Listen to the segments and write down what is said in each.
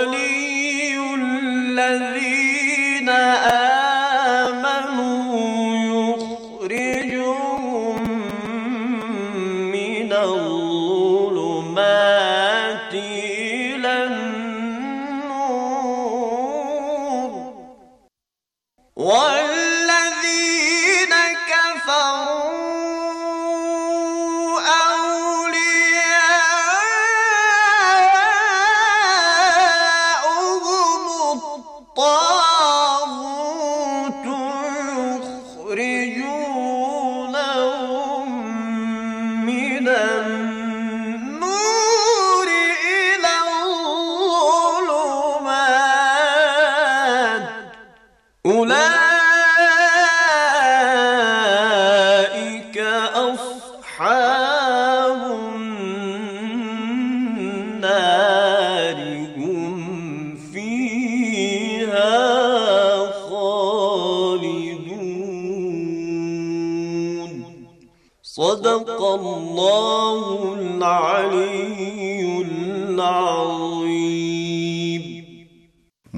الغني الذي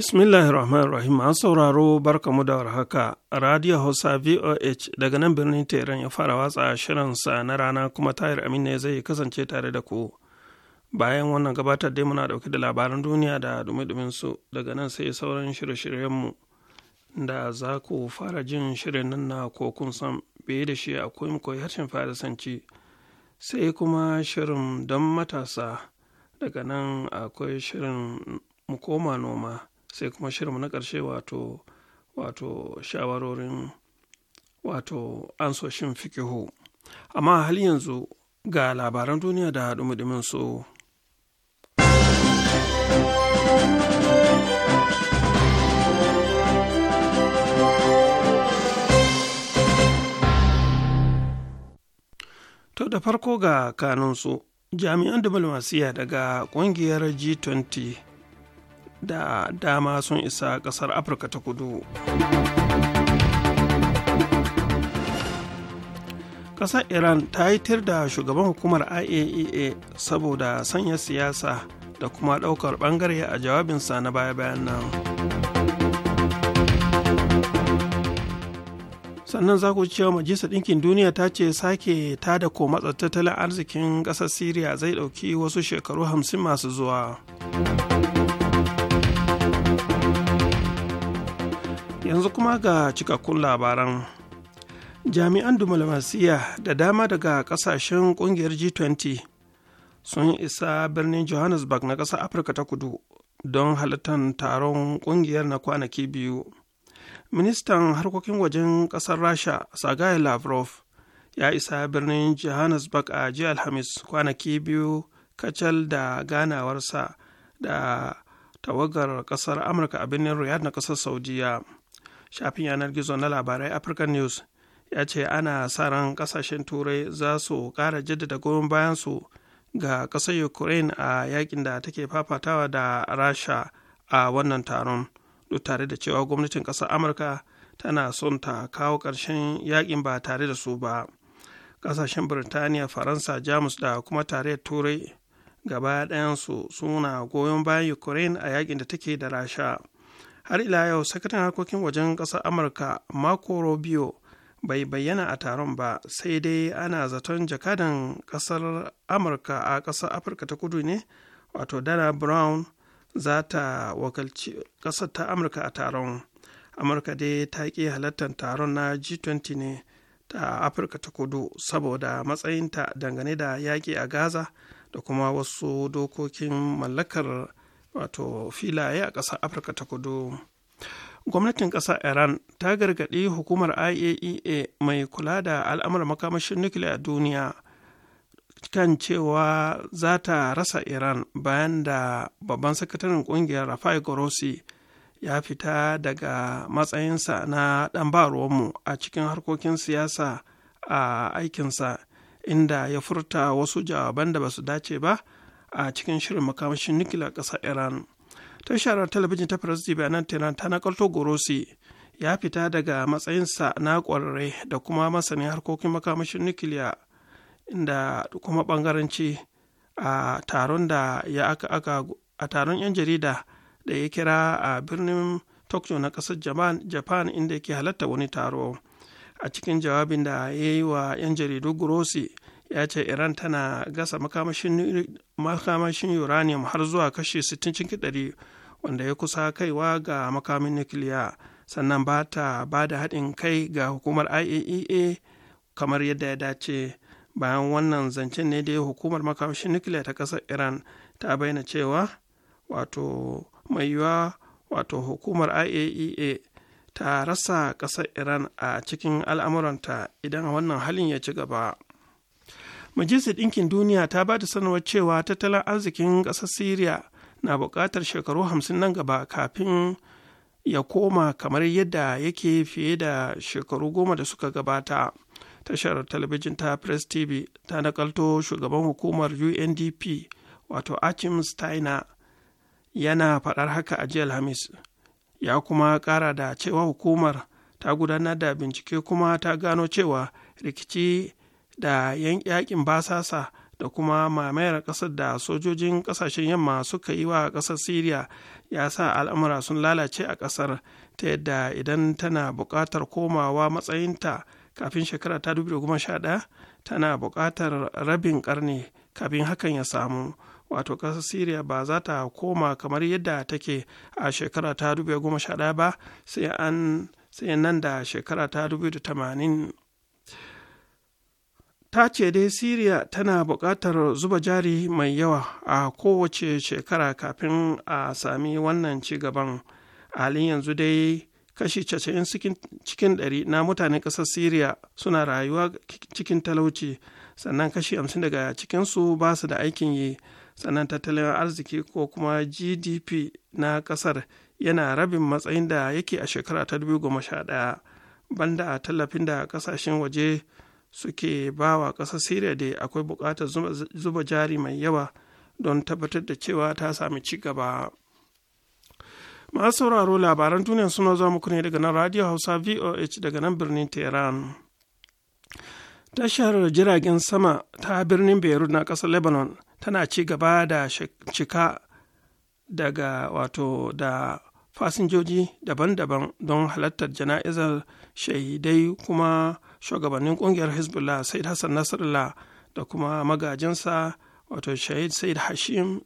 Bismillahirrahmanirrahim. an sauraro barkamu da warhaka Radio Hausa VOH daga nan birnin Teran ya fara watsa shirinsa na rana kuma tayar Amin ne zai kasance tare da ku. Bayan wannan gabatar dai muna dauke da labaran duniya da dumi su daga nan sai sauran shirye-shiryenmu da za ku fara jin shirin nan na kokun san biye da shi akwai muku harshen farisanci sai kuma shirin don matasa daga nan akwai shirin mu koma noma. sai kuma shirinmu na ƙarshe wato wato shawarorin wato ansoshin fikihu amma hal yanzu ga labaran duniya da dumudumin su to da farko ga kanunsu jami'an diplomasiyya daga ƙungiyar g20 da dama sun isa kasar afirka ta kudu ƙasar iran ta haitar da shugaban hukumar iaea e saboda sanya siyasa da kuma ɗaukar ɓangare a jawabinsa na baya-bayan nan sannan za ku cewa majalisar ɗinkin duniya ta ce sake ta da ko matsa tattalin arzikin ƙasar syria zai ɗauki wasu shekaru hamsin masu zuwa yanzu kuma ga cikakkun labaran jami'an dumalmasiya da dama daga kasashen kungiyar g20 sun isa birnin johannesburg na ƙasar afirka ta kudu don halittar taron kungiyar na kwanaki biyu ministan harkokin wajen ƙasar rasha sagai lavrov ya isa birnin johannesburg a jiya alhamis kwanaki biyu kacal da ganawarsa da tawagar ƙasar amurka a birnin riyadh na ƙasar saudiya shafin yanar gizo na labarai african news ya ce ana sa ran kasashen turai za su kara jaddada goyon bayansu ga ƙasar ukraine a yakin da take fafatawa da rasha a wannan taron duk tare da cewa gwamnatin kasar amurka tana son ta kawo ƙarshen yakin ba tare da su ba kasashen birtaniya faransa jamus da kuma tarayyar turai gaba ɗayansu suna goyon bayan ukraine a yakin da take da rasha har ila yau sakataren harkokin wajen ƙasar amurka marco rubio bai bayyana a taron ba sai dai ana zaton jakadan ƙasar amurka a ƙasar afirka ta kudu ne wato dana brown za ta wakalci ƙasar ta amurka a taron amurka dai ta ƙi halartar taron na g20 ne ta afirka ta kudu saboda matsayinta dangane da yaƙi a gaza da kuma wasu dokokin mallakar wato filaye a ƙasar afirka ta kudu gwamnatin ƙasar iran ta gargaɗi hukumar iaea e mai kula da al'amuran makamashin nukiliya a duniya kan cewa za ta rasa iran bayan da babban sakataren ƙungiyar rafai gorosi ya fita daga matsayinsa na ɗan baruwanmu a cikin harkokin siyasa a aikinsa inda ya furta wasu jawaban da ba su dace ba a cikin shirin makamashin nukila ƙasar iran tashar talabijin ta firas bayanan tehran ta nakalto gorosi ya fita daga matsayinsa na ƙwararre da kuma masanin harkokin makamashin nukiliya inda kuma ɓangaranci a taron da 'yan jarida da ya kira a birnin tokyo na ƙasar japan inda yake halatta wani taro a cikin jawabin da ya yi wa 'yan jaridu grossi ya ce iran tana gasa makamashin uranium har zuwa kashi 60 cikin dari wanda ya kusa kaiwa ga makamin nukiliya sannan ba ta ba da haɗin kai ga hukumar iaea e kamar yadda ya dace bayan wannan zancen ne da hukumar makamashin nukiliya ta ƙasar iran ta bayyana cewa wato mai yiwuwa wato hukumar iaea e ta rasa ƙasar iran a cikin al'amuranta idan wannan halin ya ci gaba. majalisar ɗinkin duniya ta ba da sanarwar cewa tattalin arzikin ƙasar syria na buƙatar shekaru hamsin nan gaba kafin ya koma kamar yadda yake fiye da shekaru goma da suka gabata tashar talabijin ta press tv ta nakalto shugaban hukumar undp wato achim steiner yana faɗar haka a jiya alhamis ya kuma ƙara da cewa hukumar ta gudanar da bincike kuma ta gano cewa rikici da yakin basasa da kuma mamayar ƙasar da sojojin ƙasashen yamma suka yi wa ƙasar syria ya sa al'amura sun lalace a ƙasar ta yadda idan tana buƙatar komawa matsayinta kafin shekara ta 2011 tana buƙatar rabin ƙarni kafin hakan ya samu wato ƙasar syria ba za ta koma kamar yadda take a shekara ta 2011 ba sai an sai nan da shekara ta 2080 ta ce dai Siriya tana buƙatar zuba jari mai yawa a kowace shekara kafin a sami wannan ci gaban. halin yanzu dai kashi 90 cikin ɗari na mutane ƙasar Siriya suna rayuwa cikin talauci, sannan kashi hamsin daga cikinsu ba su da aikin yi, sannan tattalin arziki ko kuma GDP na ƙasar yana rabin matsayin da yake a shekara ta 2011, banda tallafin da ƙasashen waje. suke ba wa ƙasa siriya da akwai buƙatar zuba jari mai yawa don tabbatar da cewa ta sami ci gaba masu sauraro labaran duniya suna zuwa muku ne daga nan radio hausa voh daga nan birnin tehran tashar jiragen sama ta birnin beirut na ƙasar lebanon tana ci gaba da cika daga wato da fasinjoji daban-daban don halartar jana'izar shahidai kuma shugabannin kungiyar hezbollah said hassan nasrallah da kuma magajinsa wato shahid said hashim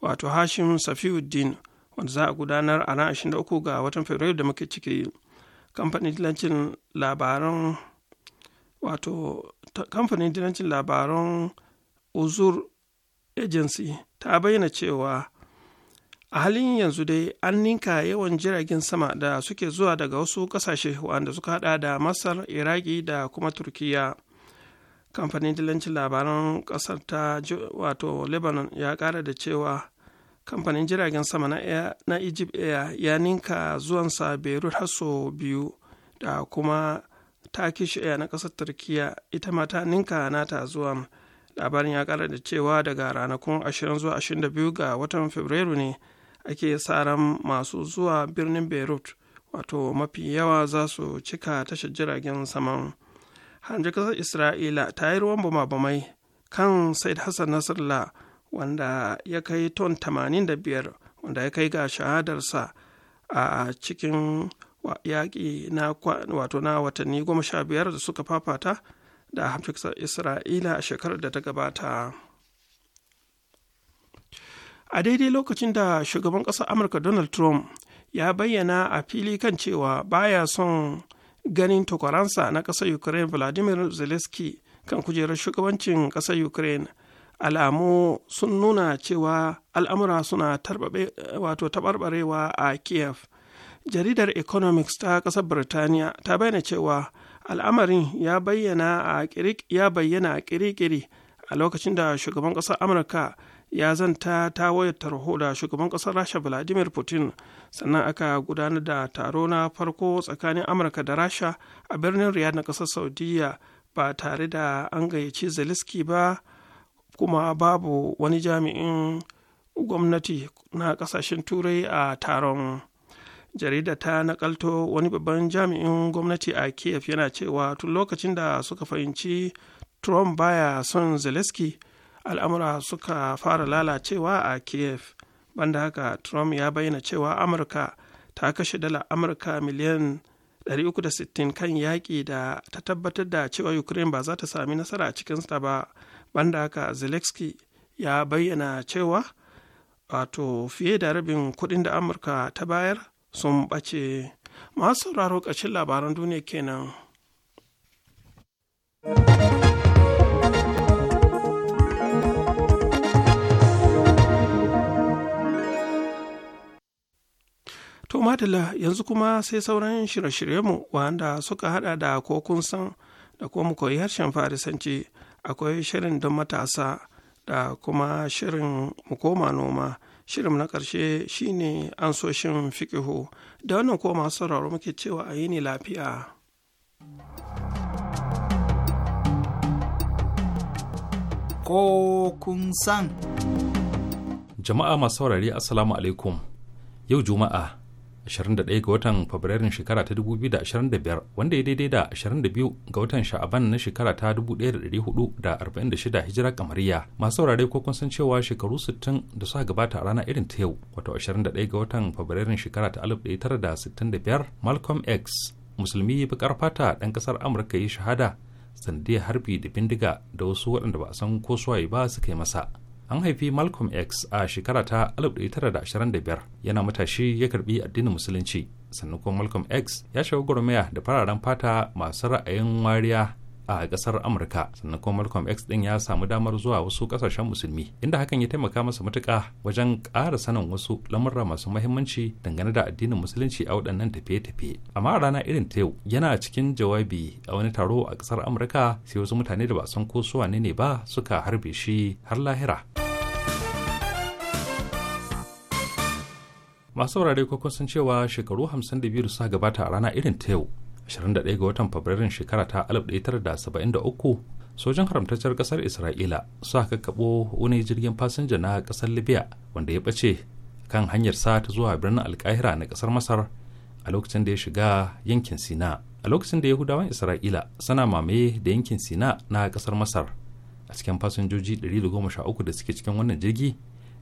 wato hashim safiuddin wanda za a gudanar a ranar 23 ga watan fabrairu da muke ciki kamfanin dilancin labaran uzur agency ta bayyana cewa a halin yanzu dai an ninka yawan jiragen sama da suke zuwa daga wasu kasashe wanda suka hada da masar iraki da kuma turkiya kamfanin dilancin labaran kasar ta wato lebanon ya kara da cewa kamfanin jiragen sama na, na egypt air ya ninka zuwansa beirut haso biyu da kuma turkish air na kasar turkiya ita mata ninka ninka nata zuwan labarin ya kara da cewa daga ranakun 20 zuwa 22 ga watan fabrairu ne ake ran masu zuwa birnin beirut wato mafi yawa za su cika tashar jiragen saman hanji kasar isra'ila ta yi ruwan bama kan said hassan nasrallah wanda ya kai ton 85 wanda ya kai ga shahadarsa a cikin yaƙi na wato na watanni 15 da suka fafata da hamshin isra'ila a shekarar da ta gabata. a daidai lokacin da shugaban ƙasar amurka donald trump ya bayyana a fili kan cewa baya son ganin takwaransa na ƙasar ukraine vladimir zelensky kan kujerar shugabancin ƙasar ukraine alamu sun nuna cewa al'amura suna wato taɓarɓarewa a kiev jaridar economics ta ƙasar birtaniya ta bayyana cewa al'amarin ya bayyana a ƙirƙiri a lokacin da shugaban ƙasar amurka ya zanta ta wayar tarho da shugaban ƙasar rasha vladimir putin sannan aka gudanar da taro na farko tsakanin amurka da rasha a birnin riyadh na ƙasar saudiya ba tare da an gayyaci zelensky ba kuma babu wani jami'in gwamnati na ƙasashen turai a taron jarida ta nakalto wani babban jami'in gwamnati a kiev yana cewa tun lokacin da suka fahimci trump baya son zelensky al'amura suka fara lalacewa a kiev banda haka trump ya bayyana cewa amurka ta kashe dala amurka miliyan 360 kan yaƙi da ta tabbatar da cewa ukraine ba za ta sami nasara a cikinsa ba banda haka zelensky ya bayyana cewa wato fiye da rabin kudin da amurka ta bayar sun ɓace masu sauraro ƙarshen labaran duniya kenan. madala yanzu kuma sai sauran shirye-shiryenmu wanda suka hada da ko kun san da kuma mu koyi harshen farisanci akwai shirin don matasa da kuma shirin mu koma noma shirin na ƙarshe shine ansoshin fikihu da wannan ko sauraro muke cewa a yi ne lafiya kokun san jama'a masu saurari assalamu alaikum yau juma'a 21 ga watan fabrairun shekara ta 2025 wanda ya daidai da 22 ga watan sha'aban na shekara ta 1446 hijira kamariya masu saurare ko kun san cewa shekaru 60 da suka gabata a rana irin ta yau wato 21 ga watan fabrairun shekara ta 1965 malcolm x musulmi bakar fata dan kasar amurka ya shahada sandiyar harbi da bindiga da wasu waɗanda ba a san ko suwaye ba suka yi masa an haifi malcolm x a shekara ta 1925 yana matashi ya karbi addinin musulunci sannan kuma malcolm x ya shiga gwarmaya da fararen fata masu ra'ayin wariya a kasar amurka sannan kuma malcolm x din ya samu damar zuwa wasu kasashen musulmi inda hakan ya taimaka masa matuka wajen ƙara sanin wasu lamurra masu mahimmanci dangane da addinin musulunci a waɗannan tafiye-tafiye amma rana irin ta yau yana cikin jawabi a wani taro a kasar amurka sai wasu mutane da ba san ko su wane ne ba suka harbe shi har lahira. masu wurare kwakwa cewa san cewa shekaru biyu da suka gabata a rana irin ta yau 21 ga watan fabrairun shekara ta 1973 sojin haramtacciyar kasar isra'ila suka kakkaɓo wani jirgin fasinja na kasar libya wanda ya ɓace kan hanyar sa ta zuwa birnin alkahira na kasar masar a lokacin da ya shiga yankin sina a lokacin da yahudawan isra'ila suna mamaye da yankin sina na kasar masar a cikin fasinjoji 113 da suke cikin wannan jirgi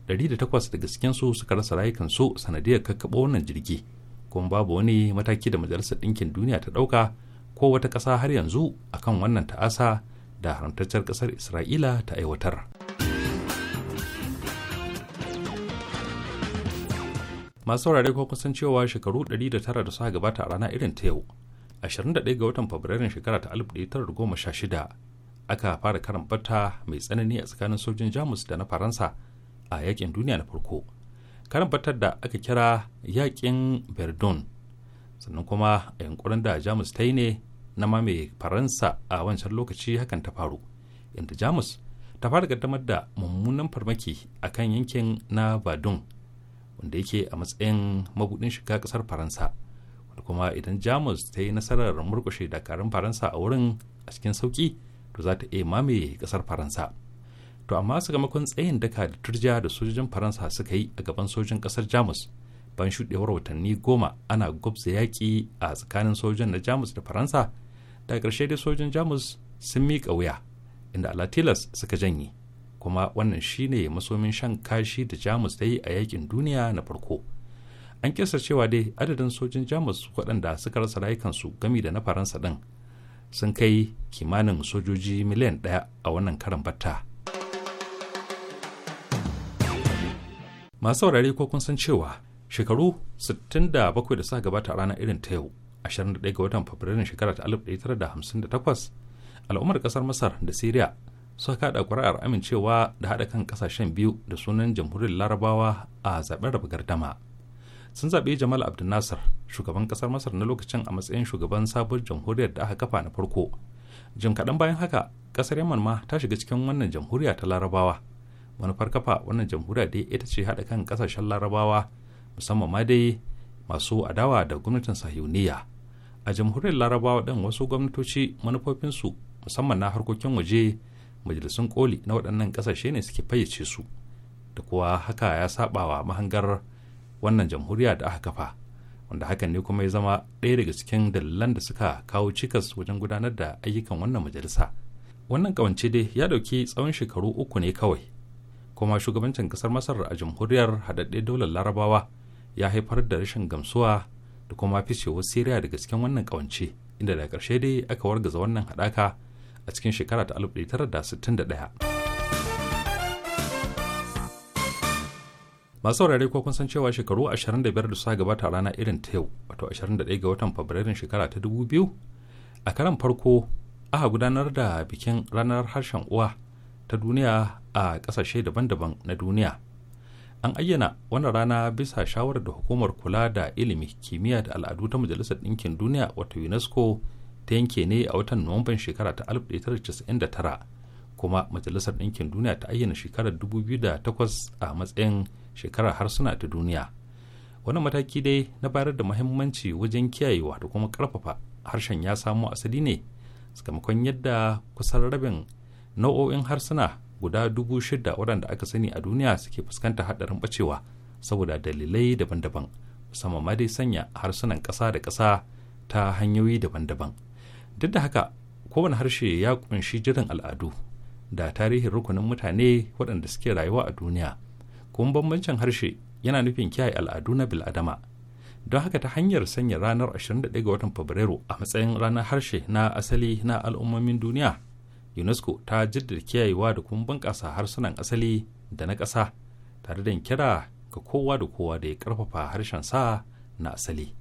108 daga cikinsu suka rasa rayukansu sanadiyar kakkaɓo wannan jirgi kuma babu wani mataki da majalisar ɗinkin duniya ta ɗauka ko wata ƙasa har yanzu akan wannan ta'asa da haramtaccen ƙasar isra'ila ta aiwatar masu saurare ko kusan cewa shekaru 109 da suka gabata a rana irin ta yau 21 ga watan fabrairun shekara ta 1916 aka fara karan mai tsanani a tsakanin sojin jamus da na faransa a yakin duniya na farko karan fatar da aka kira yakin verdun sannan kuma a yankurin da jamus ta yi ne na mame faransa a wancan lokaci hakan ta faru inda jamus ta fara kaddamar da mummunan farmaki a kan yankin na badun wanda yake a matsayin mabudin shiga kasar faransa wanda kuma idan jamus ta yi nasarar murkushe dakarun faransa a wurin a cikin sauki to za ta iya mame kasar faransa to amma sakamakon tsayin daka da turja da sojojin faransa suka yi a gaban sojin kasar jamus ban shuɗewar watanni goma ana gwabza yaƙi a tsakanin sojojin na jamus da faransa da ƙarshe dai sojojin jamus sun miƙa wuya inda alatilas suka janye kuma wannan shine masomin shan kashi da jamus ta yi a yakin duniya na farko an kisa cewa dai adadin sojin jamus waɗanda suka rasa rayukansu gami da na faransa ɗin sun kai kimanin sojoji miliyan ɗaya a wannan karan batta masu saurari ko kun san cewa shekaru 67 da suka gabata a ranar irin ta yau 21 ga watan fabrairun shekara ta 1958 al'ummar kasar masar da syria suka kada kuri'ar amincewa da haɗa kan kasashen biyu da sunan jamhuriyar larabawa a zaben raba gardama sun zaɓi jamal abdul nasir shugaban kasar masar na lokacin a matsayin shugaban sabuwar jamhuriyar da aka kafa na farko jim kaɗan bayan haka kasar yaman ma ta shiga cikin wannan jamhuriya ta larabawa manufar kafa wannan jamhuriya dai ita ce haɗa kan ƙasashen larabawa musamman ma dai masu adawa da gwamnatin sahiyuniya a jamhuriyar larabawa ɗin wasu gwamnatoci manufofinsu musamman na harkokin waje majalisun koli na waɗannan ƙasashe ne suke fayyace su da kuwa haka ya wa mahangar wannan jamhuriya da aka kafa wanda hakan ne kuma ya zama ɗaya daga cikin dalilan da suka kawo cikas wajen gudanar da ayyukan wannan majalisa wannan kawance dai ya ɗauki tsawon shekaru uku ne kawai kuma shugabancin kasar masar a jamhuriyar haɗaɗɗe daular larabawa ya haifar da rashin gamsuwa da kuma ficewar siriya daga cikin wannan kawance inda daga karshe dai aka wargaza wannan haɗaka a cikin shekara ta 1961 masu saurare ko kun san cewa shekaru 25 da suka gabata a rana irin ta yau wato 21 ga watan fabrairun shekara ta dubu biyu a karan farko aka gudanar da bikin ranar harshen uwa ta duniya a ƙasashe daban-daban na duniya an ayyana wannan rana bisa shawarar da hukumar kula da ilimi kimiyya da al'adu ta majalisar ɗinkin duniya wato unesco ta yanke ne a watan nuwamban shekara ta 1999 kuma majalisar ɗinkin duniya ta ayyana shekarar 2008 a matsayin shekarar harsuna ta duniya wani mataki dai na bayar da muhimmanci wajen kiyayewa da kuma karfafa harshen ya samo asali ne sakamakon yadda kusan rabin nau'o'in harsuna guda dubu shida waɗanda aka sani a duniya suke fuskantar haɗarin ɓacewa saboda dalilai daban-daban musamman ma dai sanya harsunan ƙasa da ƙasa ta hanyoyi daban-daban duk da haka kowane harshe ya ƙunshi jiran al'adu da tarihin rukunin mutane waɗanda suke rayuwa a duniya kuma bambancin harshe yana nufin kiyaye al'adu na bil'adama don haka ta hanyar sanya ranar 21 ga watan fabrairu a matsayin ranar harshe na asali na al'ummomin duniya unesco ta jaddada kiyayewa da kuma bunƙasa harsunan asali da na ƙasa tare da kira ga kowa da kowa da ya ƙarfafa harshen sa na asali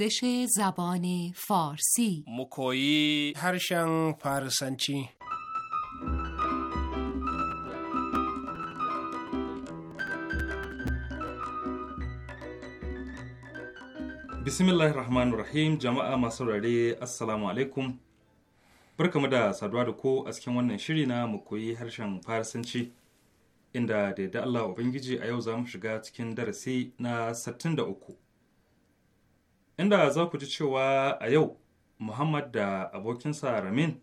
آموزش زبان فارسی مکویی هرشن فارسنچی bismillahir rahmanir rahim jama'a masu asalamu assalamu alaikum barkamu da saduwa da ko a cikin wannan shiri na mu koyi harshen farisanci inda da yadda allah ubangiji a yau za mu shiga cikin darasi na 63 inda za ku ji cewa a yau Muhammad da abokinsa Ramin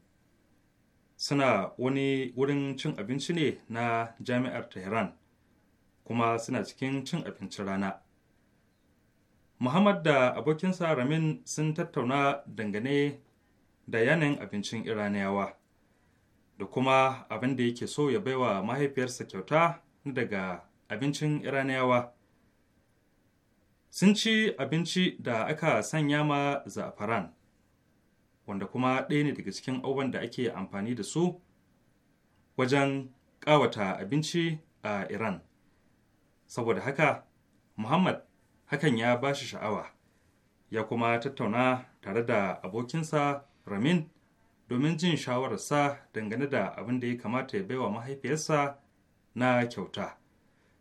suna wani wurin cin abinci ne na jami'ar Tehran kuma suna cikin cin abincin rana. Muhammad da abokinsa Ramin sun tattauna dangane da yanayin abincin Iraniyawa da kuma abin da yake so ya baiwa mahaifiyarsa kyauta daga abincin Iraniyawa. sun ci abinci da aka sanya ma za'afaran wanda kuma ɗaya ne daga cikin abubuwan da ake amfani da su wajen ƙawata abinci a iran saboda haka muhammad hakan ya ba shi sha'awa ya kuma tattauna tare da abokinsa ramin domin jin shawararsa dangane da abin da ya kamata ya baiwa mahaifiyarsa na kyauta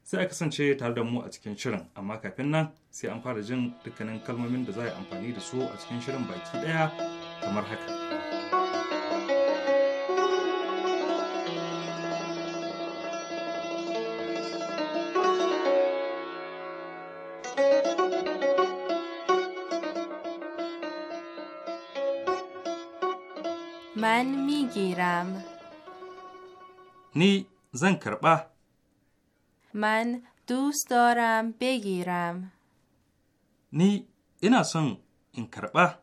sai a kasance tare da mu a cikin shirin amma kafin nan sai an fara jin dukkanin kalmomin da za a yi amfani da su a cikin shirin baki ɗaya kamar haka. من میگیرم نی زن من دوست دارم بگیرم نی اینا سن این کربا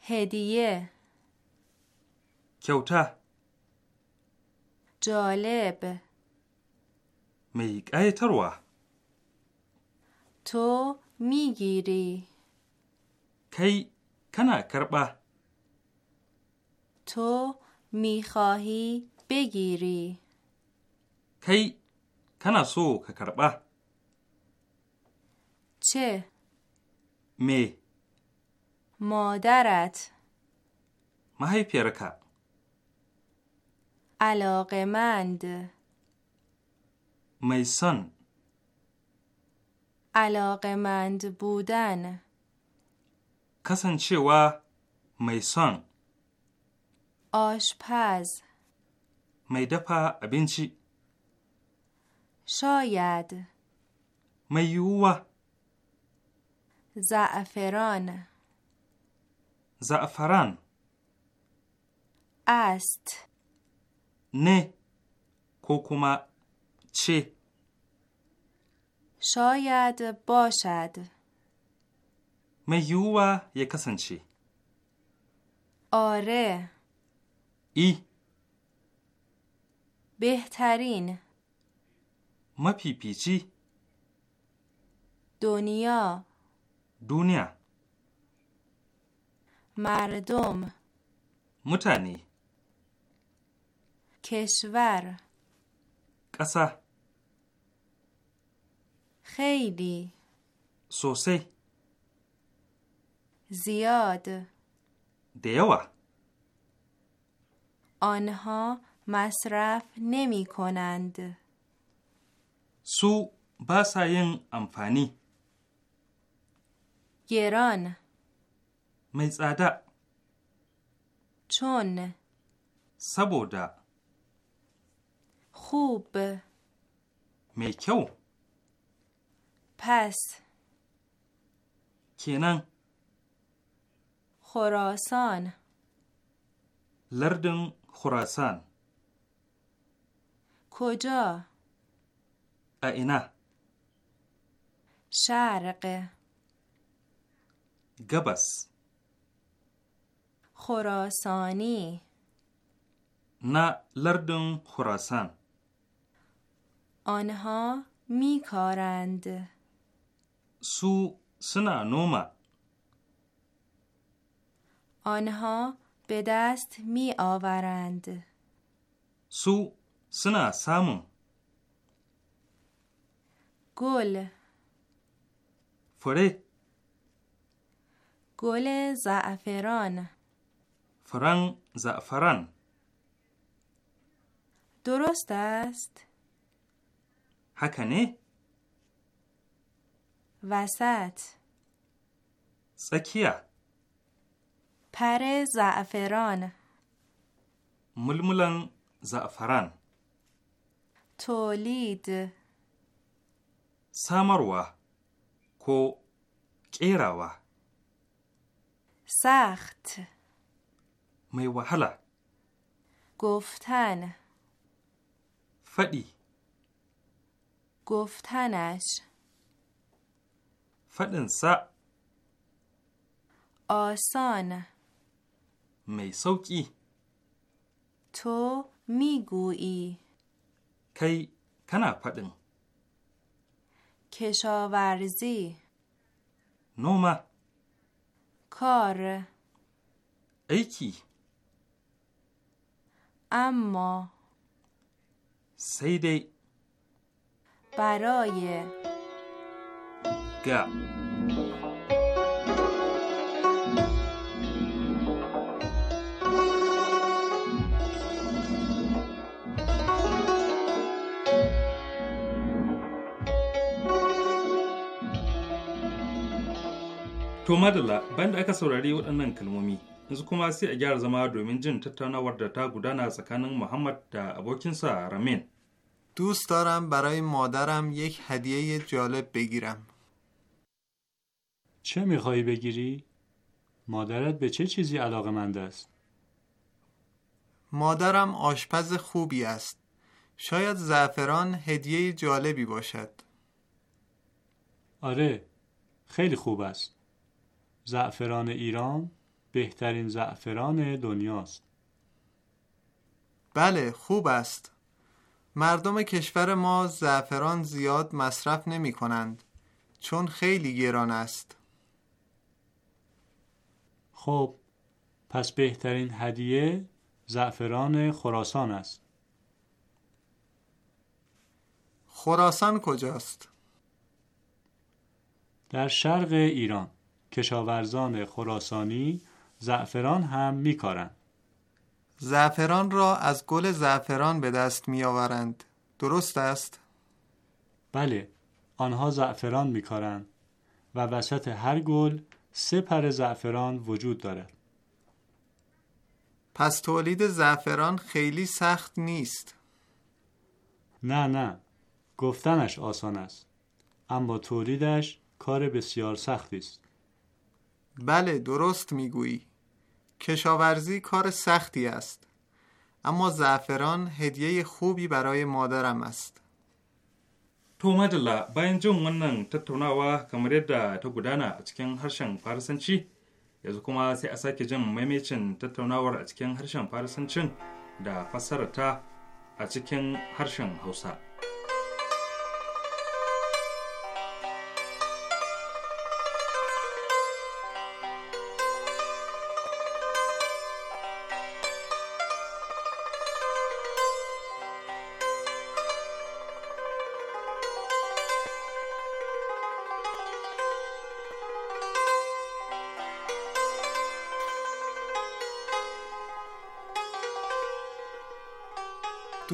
هدیه کیوتا جالب می تروه تو میگیری کی کنا کربا تو میخواهی بگیری کی kana so ka karɓa. Ce. Me. Modarat. mahaifiyarka علاقمند mai son علاقمند budan. kasancewa mai son Oshpaz mai dafa abinci شاید میوه زعفران زعفران است نه کوکوما چه شاید باشد میوه یکسن چی آره ای بهترین مپیپیچی دنیا دنیا مردم متنی کشور قصه خیلی سوسی زیاد دیوه آنها مصرف نمی کنند su ba sa yin amfani. Geron Mai tsada. Chon Saboda. Hub Mai kyau. Pass Kenan. Khorasan Lardin Khorasan. koja اینا شرق گبس خراسانی نه لردن خراسان آنها میکارند سو سنا نوما آنها به دست می آورند سو سنا سامون گل فره گل زعفران فرن زعفران درست است هکنه وسط سکیه پر زعفران ململن زعفران تولید samarwa ko ƙerawa. Sacht mai wahala. Guftan faɗi. Guftanash faɗinsa. Osan mai sauƙi. To migui kai kana faɗin. کشاورزی نوما، کار ایکی اما سیدی برای گا To madalla da aka saurari waɗannan kalmomi yanzu kuma sai a gyara zama domin jin tattaunawar da ta gudana tsakanin Muhammad da abokinsa دوست دارم برای مادرم یک هدیه جالب بگیرم. چه میخوایی بگیری؟ مادرت به چه چیزی علاقه است؟ مادرم آشپز خوبی است. شاید زعفران هدیه جالبی باشد. آره، خیلی خوب است. زعفران ایران بهترین زعفران دنیاست بله خوب است مردم کشور ما زعفران زیاد مصرف نمی کنند چون خیلی گران است خب پس بهترین هدیه زعفران خراسان است خراسان کجاست؟ در شرق ایران کشاورزان خراسانی زعفران هم میکارند. زعفران را از گل زعفران به دست میآورند. درست است؟ بله، آنها زعفران میکارند و وسط هر گل سه پر زعفران وجود دارد. پس تولید زعفران خیلی سخت نیست. نه نه، گفتنش آسان است. اما تولیدش کار بسیار سختی است. بله درست میگویی کشاورزی کار سختی است اما زعفران هدیه خوبی برای مادرم است To Madalla bayan jin wannan tattaunawa kamar yadda ta gudana a cikin harshen Farisanci, yanzu kuma sai a sake jin maimacin tattaunawar a cikin harshen Farisancin da fassarata a cikin harshen Hausa.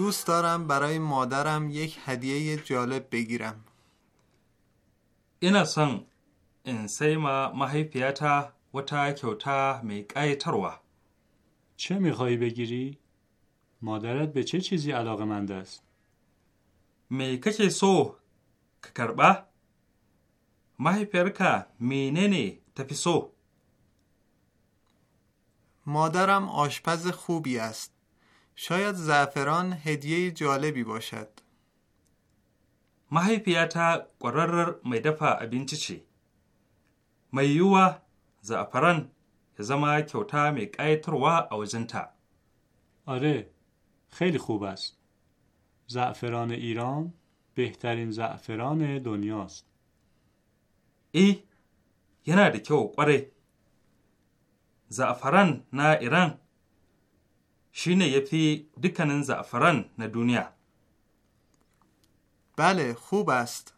دوست دارم برای مادرم یک هدیه جالب بگیرم اینا son in sai و تا wata kyauta mai چه میخوای بگیری؟ مادرت به چه چیزی علاقه مند است؟ می کچه سو که کربه؟ مینه نی تفی سو؟ مادرم آشپز خوبی است. شاید زعفران هدیه جالبی باشد. ماهی پیاتا قرار می‌دهم ابینتیچی. میوه زعفران زمان کوتاهیک ایترو و آوجنتا. آره خیلی خوب است. زعفران ایران بهترین زعفران دنیاست. ای یه نداری که آوردی. زعفران نه ایران. ya fi dukkanin za'afaran na duniya. بله خوب است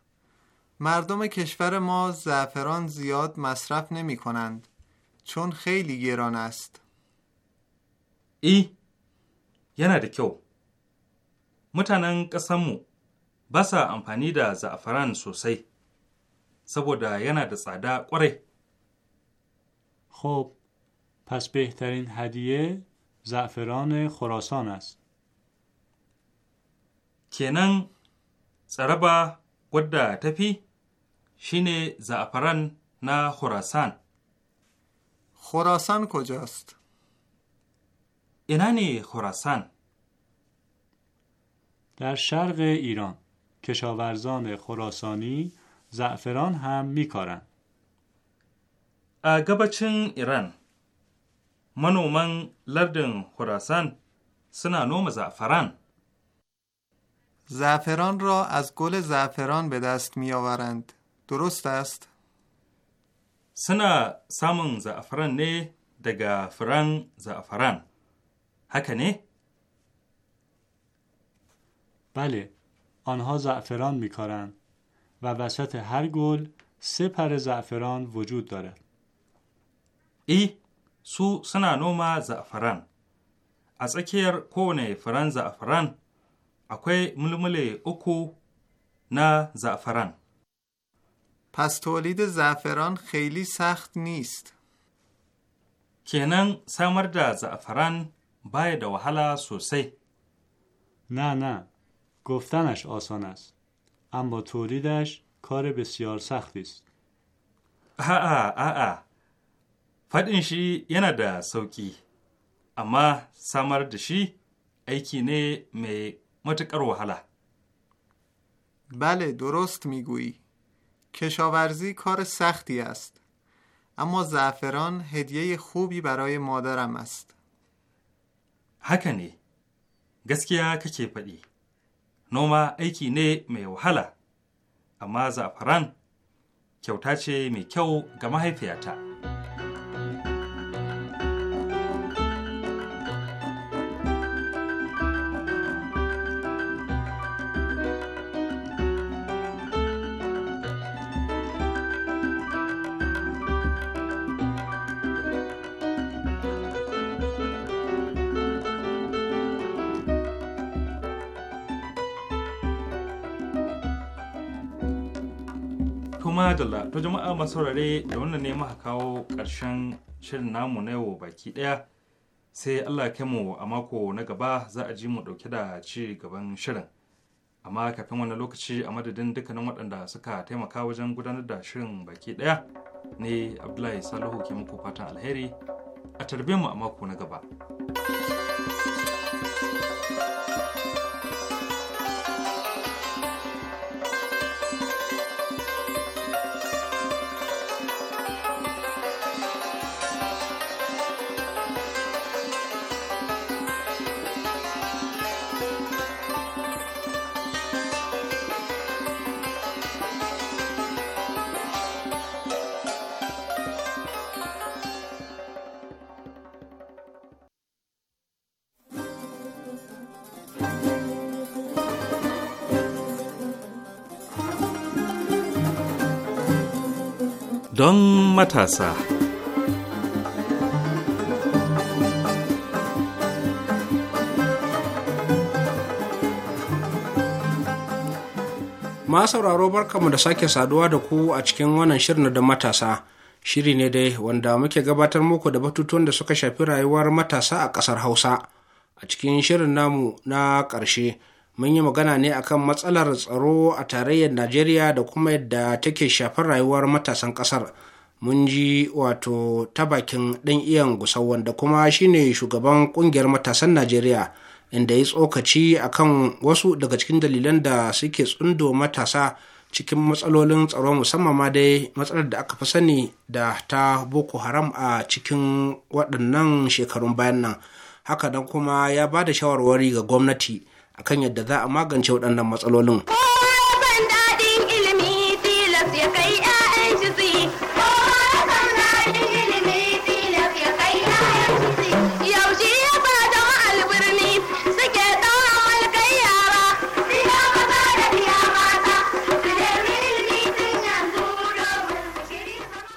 مردم کشور ما زعفران زیاد مصرف نمی کنند چون خیلی گران است ای یه da kyau mutanen ƙasanmu ba sa amfani da za'afaran sosai saboda yana da tsada خب پس بهترین هدیه زعفران خراسان است کنن سربا قد تفی شین زعفران نا خراسان خراسان کجاست؟ اینانی خراسان در شرق ایران کشاورزان خراسانی زعفران هم میکارند. اگه ایران ایران؟ manoman لردن خراسان سنا noma زعفران زعفران را از گل زعفران به دست می آورند. درست است؟ سنا سامن زعفران نه دگا فران زعفران. هکنه؟ بله، آنها زعفران می کارند و وسط هر گل سه پر زعفران وجود دارد. ای su suna noma za'afaran a tsakiyar kowane furan za'afaran akwai mulmule uku na za'afaran pas tolid za'afaran khaili sakht kenan samar da za'afaran baya da wahala sosai na na گفتنش آسان است اما تولیدش کار بسیار سختی است ها ها Faɗin shi yana da sauƙi, amma samar da shi aiki ne mai matuƙar wahala. بله درست میگویی کشاورزی کار سختی است اما زعفران هدیه خوبی برای مادرم است هکنی گسکیا کچه پدی نوما ایکی نه می وحلا اما زعفران کیوتا چه می کیو گمه فیاتا madalla to jama'a masu saurare da wannan ne muka kawo karshen shirin namu na yau baki ɗaya sai Allah ya mu a mako na gaba za a ji mu ɗauke da ci gaban shirin amma kafin wani lokaci a madadin dukkanin waɗanda suka taimaka wajen gudanar da shirin baki ɗaya ne Abdullahi Salihu ke muku fatan alheri a tarbe mu a mako na gaba. matasa. Ma sauraro barkamu da sake saduwa da ku a cikin wannan shirin da matasa. Shiri ne dai wanda muke gabatar muku da batutuwan da suka shafi rayuwar matasa a ƙasar Hausa. A cikin shirin namu na ƙarshe. mun yi magana ne akan matsalar tsaro a tarayyar najeriya da kuma yadda take shafar rayuwar matasan ƙasar. mun ji wato ta bakin ɗan iyan gusau wanda kuma shine shugaban ƙungiyar matasan najeriya inda ya tsokaci akan wasu daga cikin dalilan da suke tsundo matasa cikin matsalolin tsaro musamman ma dai matsalar da aka fi sani da ta boko haram a cikin waɗannan shekarun bayan nan haka nan kuma ya ba da shawarwari ga gwamnati akan yadda za a magance waɗannan matsalolin.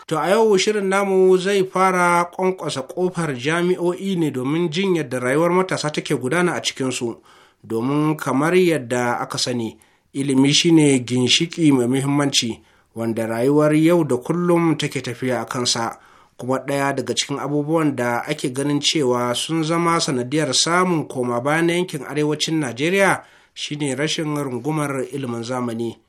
To a yau shirin namu zai fara ƙwanƙwasa ƙofar jami'o'i ne domin jin yadda rayuwar matasa take gudana a cikinsu, domin kamar yadda aka sani, ilimi shine ginshiki mai muhimmanci wanda rayuwar yau da kullum take tafiya a kansa, kuma ɗaya daga cikin abubuwan da ake ganin cewa sun zama sanadiyar samun koma bayan yankin arewacin Najeriya shine rashin rungumar ilimin zamani.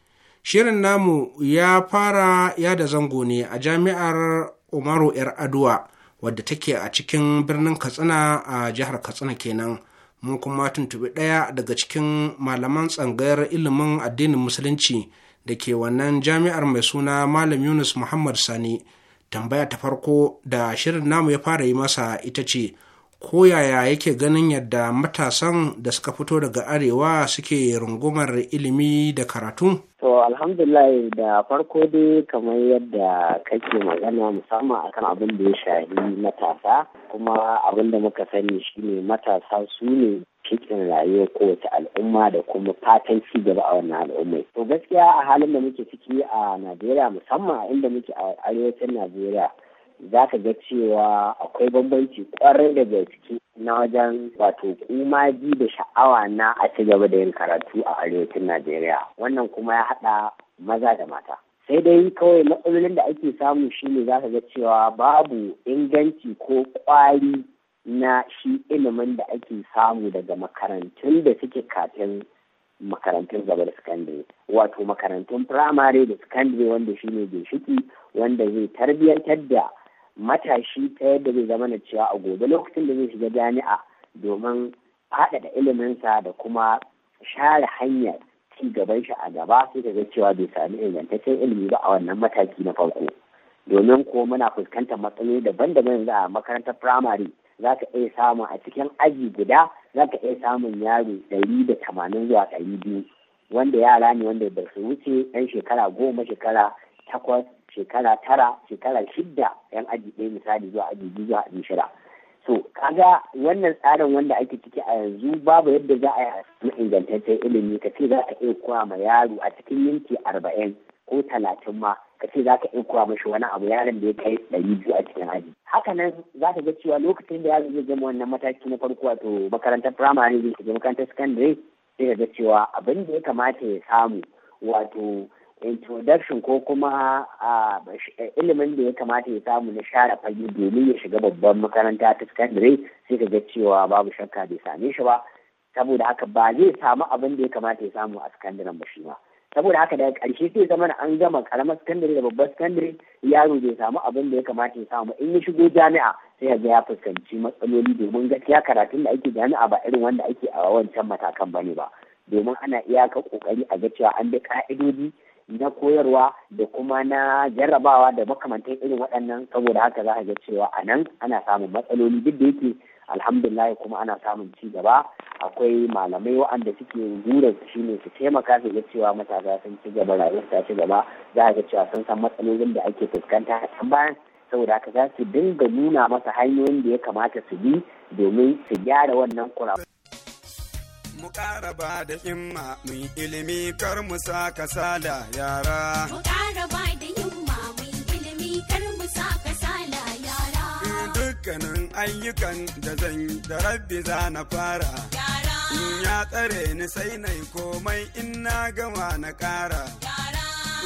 Shirin namu ya fara yada zango ne a jami'ar Umaru 'yar Aduwa wadda take a cikin birnin Katsina a jihar Katsina kenan. Mun kuma tuntuɓi ɗaya daga cikin malaman tsangayar ilimin addinin Musulunci da ke wannan jami'ar mai suna Malam Yunus Muhammad Sani. Tambaya ta farko da shirin namu ya fara yi masa ita ce, Ko yaya yake ganin yadda matasan da suka fito daga arewa suke rungumar ilimi da karatu? To alhamdulillah da farko dai kamar yadda kake magana musamman akan abin da ya shahi matasa kuma abin da muka sani shine matasa su ne cikin rayuwar kowace al'umma da kuma fatan ci gaba a wannan al'ummai. To gaskiya a halin da muke ciki a Najeriya musamman a inda muke a arewacin Najeriya za ka ga cewa akwai bambanci kwarai da gaske na wajen wato kumaji da sha'awa na a ci gaba da yin karatu a arewacin najeriya wannan kuma ya haɗa maza da mata sai dai kawai matsalolin da ake samu shine za ka ga cewa babu inganci ko kwari na shi ilimin da ake samu daga makarantun da suke kafin makarantun gaba da sakandare wato makarantun firamare da sakandare wanda shine ginshiki wanda zai tarbiyyantar da matashi ta yadda zai zama na cewa a gobe lokacin da zai shiga jami'a domin faɗaɗa iliminsa da kuma share hanyar ci gaban shi a gaba sai ka ga cewa bai sami ingantaccen ilimi ba a wannan mataki na farko domin ko muna fuskantar matsaloli daban-daban yanzu a makarantar firamare za ka iya samun a cikin aji guda za ka iya samun yaro ɗari da tamanin zuwa ɗari biyu wanda yara ne wanda da su wuce ɗan shekara goma shekara takwas shekara tara shekara shidda yan aji ɗaya misali zuwa aji biyu zuwa aji shida so kaga wannan tsarin wanda ake ciki a yanzu babu yadda za a yi na ingantaccen ilimi ka ce za ka iya koya ma yaro a cikin minti arba'in ko talatin ma ka ce za ka iya koya mashi wani abu yaron da ya kai ɗari biyu a cikin aji haka nan za ka ga cewa lokacin da yaro zai zama wannan mataki na farko wato makarantar firamare zai shiga makarantar sakandare sai ka ga cewa abin da ya kamata ya samu wato introduction ko kuma eh, ilimin da ya kamata ya samu na share fage domin ya shiga babban makaranta ta secondary sai ka ga cewa babu shakka bai same shi ba saboda haka ba zai samu abin da ya kamata ya samu a secondary ba shi ba saboda haka daga karshe sai zama an gama karamar secondary da babbar secondary yaro zai samu abin da ya kamata ya samu in ya shigo jami'a sai ya ga ya fuskanci matsaloli domin gaskiya karatun da ake jami'a ba irin wanda ake a wancan matakan bane ba domin ana iyaka kokari a ga cewa an bi ka'idodi na koyarwa da kuma na jarrabawa da makamantan irin waɗannan saboda haka za a ga cewa a nan ana samun matsaloli duk da yake alhamdulillah kuma ana samun ci gaba akwai malamai waɗanda suke gura su shine su taimaka su ga cewa matasa sun ci gaba rayuwar ta ci gaba za ga cewa sun san matsalolin da ake fuskanta a bayan saboda haka za su dinga nuna masa hanyoyin da ya kamata su bi domin su gyara wannan kurakurai mu ƙara ba da himma mu yi ilimi kar mu sa kasala yara. Mu ƙara ba da himma mu yi ilimi kar mu sa kasala yara. Dukkanin ayyukan da zan da rabbi za na fara. Yara. In ya tsare ni sai na yi komai in na gama na ƙara.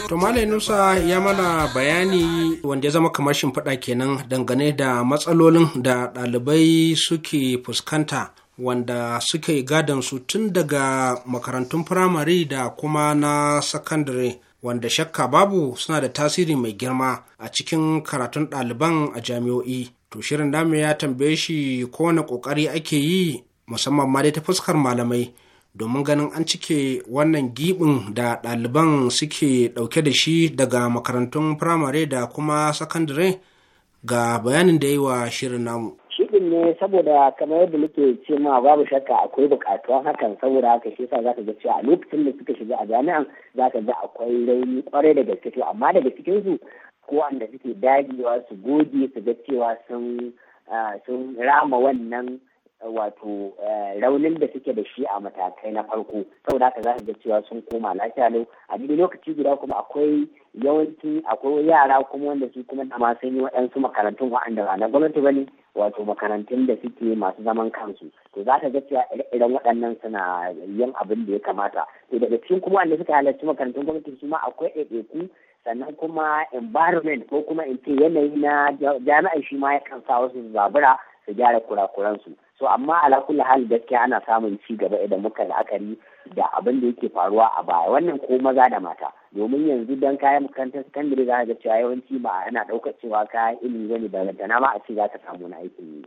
To Malai Nusa ya mana bayani wanda ya zama kamar shimfiɗa kenan dangane da matsalolin da ɗalibai suke fuskanta wanda suke gadon su tun daga makarantun firamare da kuma na sakandare wanda shakka babu suna da tasiri mai girma a cikin karatun ɗaliban a jami'o'i to shirin dame ya tambaye shi kowane ƙoƙari ake yi musamman ma dai ta fuskar malamai domin ganin an cike wannan giɓin da ɗaliban suke ɗauke da shi daga makarantun firamare da kuma sakandare ga bayanin da yi wa shirin namu aikin ne saboda kamar yadda muke ce ma babu shakka akwai bukatuwa hakan saboda haka shi yasa zaka ga cewa a lokacin da suka shiga a jami'an zaka ga akwai rauni kwarai da gaske to amma daga cikin su ko wanda suke dagewa su goge su ga cewa sun ah, sun rama wannan wato eh, raunin da suke da shi a matakai na farko saboda haka za a ga cewa sun koma lafiya lau a duk lokaci guda kuma akwai yawanci akwai yara kuma wanda su kuma dama sun yi waɗansu makarantun waɗanda ba na gwamnati ba ne wato makarantun da suke masu zaman kansu to za ka ga cewa ire waɗannan suna yin abin da ya kamata to daga cikin kuma wanda suka halarci makarantun gwamnati su ma akwai ɗaiɗaiku sannan kuma environment ko kuma in ce yanayi na jami'ai shi ma yakan sa wasu zabura su gyara kurakuransu so amma ala kulli hal gaskiya ana samun ci gaba idan muka la'akari da abin da yake faruwa a baya wannan ko maza da mata domin yanzu dan kayan makarantar sakandare za ga cewa yawanci ba ana ɗaukar cewa kayan ilimi bane ba na ma a ce za ka samu na aikin yi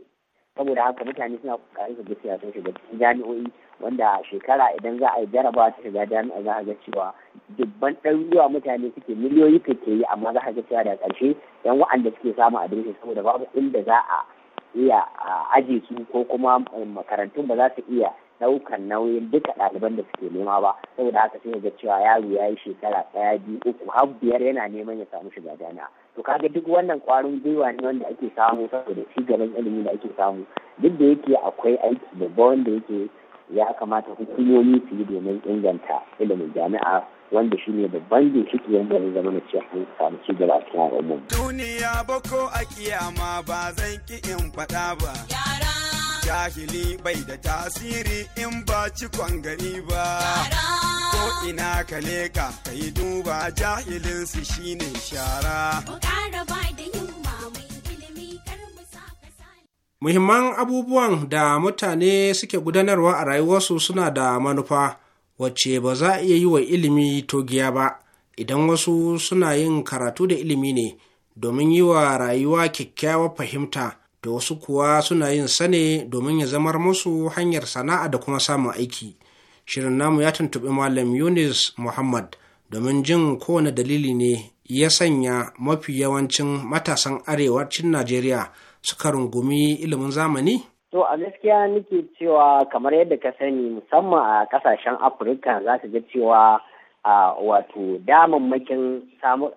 saboda haka mutane suna kokarin su gaskiya sun shiga cikin jami'o'i wanda shekara idan za a yi jarabawa ta shiga jami'a za a ga cewa dubban ɗaruruwa mutane suke miliyoyi ke yi amma za a ga cewa da ƙarshe yan wa'anda suke samun abinci, saboda babu inda za a iya aji su ko kuma um, makarantun ba za su iya ɗaukan nauyin duka ɗaliban da suke nema ba saboda haka sai ga cewa yaro ya yi shekara ɗaya biyu uku har biyar yana neman ya samu shiga jami'a to kaga duk wannan kwarin gwiwa ne wanda ake samu saboda ci gaban ilimi da ake samu duk da yake akwai aiki babba wanda yake ya kamata hukumomi su yi domin inganta ilimin jami'a wanda shi ne babban ginshiki wanda ya zama na cewa an samu ci gaba a cikin al'ummar. Duniya bako a kiyama ba zan ki in faɗa ba. Yara. Jahili bai da tasiri in ba ci gani ba. Yara. Ko ina ka leka ka yi duba jahilin su ne shara. Muhimman abubuwan da mutane suke gudanarwa a rayuwarsu suna da manufa. wacce ba za a iya yi wa ilimi togiya ba idan wasu suna yin karatu da ilimi ne domin yi wa rayuwa kyakkyawar fahimta da wasu kuwa suna yin sane domin ya zamar musu hanyar sana'a da kuma samun aiki shirin namu ya tuntuɓi malam yunis muhammad domin jin kowane dalili ne ya sanya mafi yawancin matasan arewacin najeriya suka rungumi ilimin zamani To a gaskiya nake cewa kamar yadda ka sani musamman a kasashen Afirka za su ga cewa a wato damammakin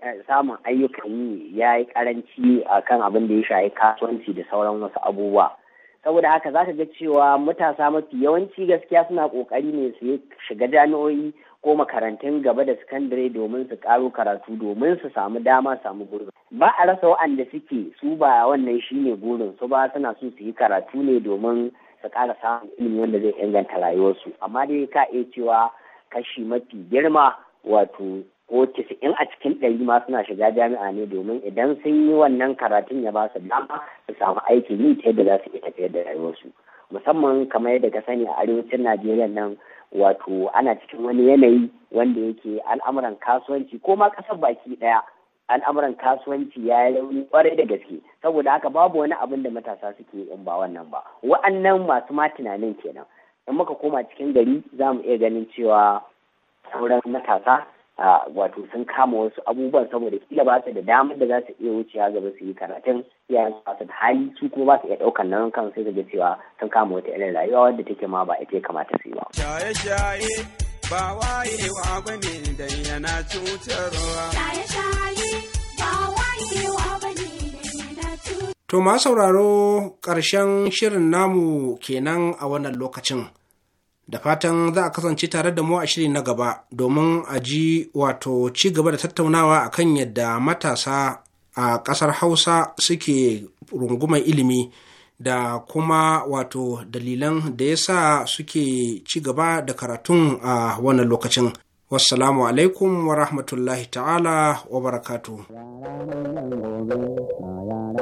eh, samun ayyukan yi ya yi karanci a kan abin da ya shafi kasuwanci da sauran wasu abubuwa. Saboda haka za ka ga cewa matasa mafi yawanci gaskiya suna ƙoƙari ne su shiga jami'o'i ko makarantun gaba da sakandare domin su karo karatu domin su samu dama samu gurbi. ba a rasa wa'anda suke su ba wannan shine gurin su ba suna so su yi karatu ne domin su ƙara samun ilimi wanda zai inganta rayuwarsu amma dai ka iya cewa kashi mafi girma wato ko in a cikin ɗari ma suna shiga jami'a ne domin idan sun yi wannan karatun ya ba su dama su samu aikin yi ta yadda za su iya tafiyar da rayuwarsu musamman kamar yadda ka sani a arewacin najeriya nan wato ana cikin wani yanayi wanda yake al'amuran kasuwanci ko ma kasar baki daya al'amuran kasuwanci ya yi rauni kwarai da gaske saboda haka babu wani abin da matasa suke in ba wannan ba wa'annan masu ma tunanin kenan in muka koma cikin gari za mu iya ganin cewa sauran matasa wato sun kama wasu abubuwan saboda kila ba su da damar da za su iya wucewa gaba su yi karatun iyayen su da hali su kuma ba su iya ɗaukan nan kan sai ga cewa sun kama wata irin rayuwa wadda take ma ba ita ya kamata su yi ba. Shaye-shaye ba wayewa ba ne idan yana cutarwa. Shaye-shaye ba wayewa ba ne To ma sauraro ƙarshen shirin namu kenan a wannan lokacin. da fatan za a kasance tare da mu a shiri na gaba domin a ji wato ci gaba da tattaunawa a kan yadda matasa a ƙasar hausa suke rungumar ilimi da kuma wato dalilan da ya sa suke ci gaba da karatun a wannan lokacin wassalamu alaikum wa rahmatullahi ta'ala wa barakatu makaranta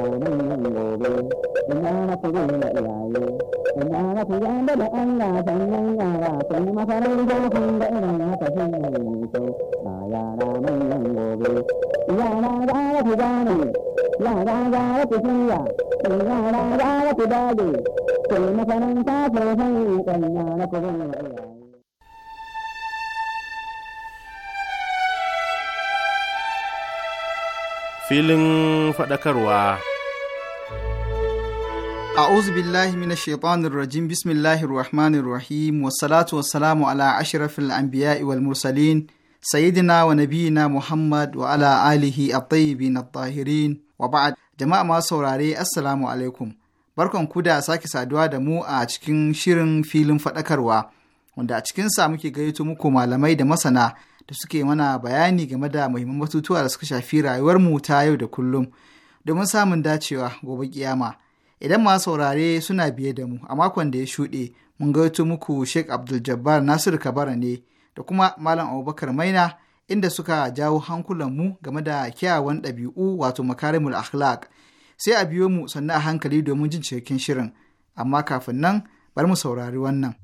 filin faɗakarwa A'udhu billahi minash shaitanir rajim. Bismillahir rahmanir rahim. Wassalatu wassalamu ala ashrafil anbiya'i wal mursalin sayyidina wa nabiyina Muhammad wa ala alihi at-tayyibin at-tahirin. Wa ba'd. Jama'a ma saurare Assalamu alaikum. Barkan ku da sake saduwa da mu a cikin shirin filin fadakarwa wanda a cikin sa muke gayyato muku malamai da masana da suke mana bayani game da muhimman batutuwa da suka shafi rayuwar mu ta yau da kullum domin samun dacewa gobe kiyama. idan ma saurare suna biye da mu a makon da ya shuɗe mun gaito muku Sheikh Abdul Jabbar Nasiru Kabara ne da kuma Malam Abubakar Maina inda suka jawo hankulan mu game da kyawawan ɗabi'u wato makarimul akhlaq sai a biyo mu sannan a hankali domin jin cikakken shirin amma kafin nan bari mu saurari wannan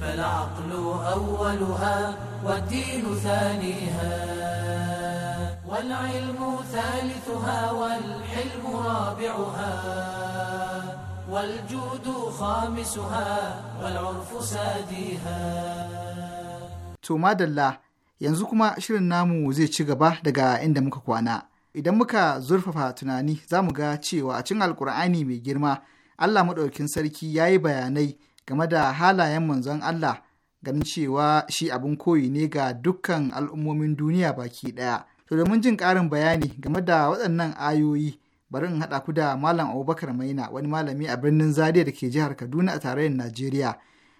فالعقل أولها والدين ثانيها والعلم ثالثها والحلم رابعها والجود خامسها والعرف ساديها to madalla yanzu kuma shirin namu zai ci gaba daga inda muka kwana idan muka zurfafa tunani za mu ga cewa a cin alkur'ani mai girma allah maɗaukin sarki ya yi bayanai game da halayen manzon allah ganin cewa shi abin koyi ne ga dukkan al'ummomin duniya baki ɗaya To domin jin ƙarin bayani game da waɗannan ayoyi bari in haɗa ku da Malam Abubakar Maina wani malami a birnin Zariya da ke jihar Kaduna a tarayyar Najeriya.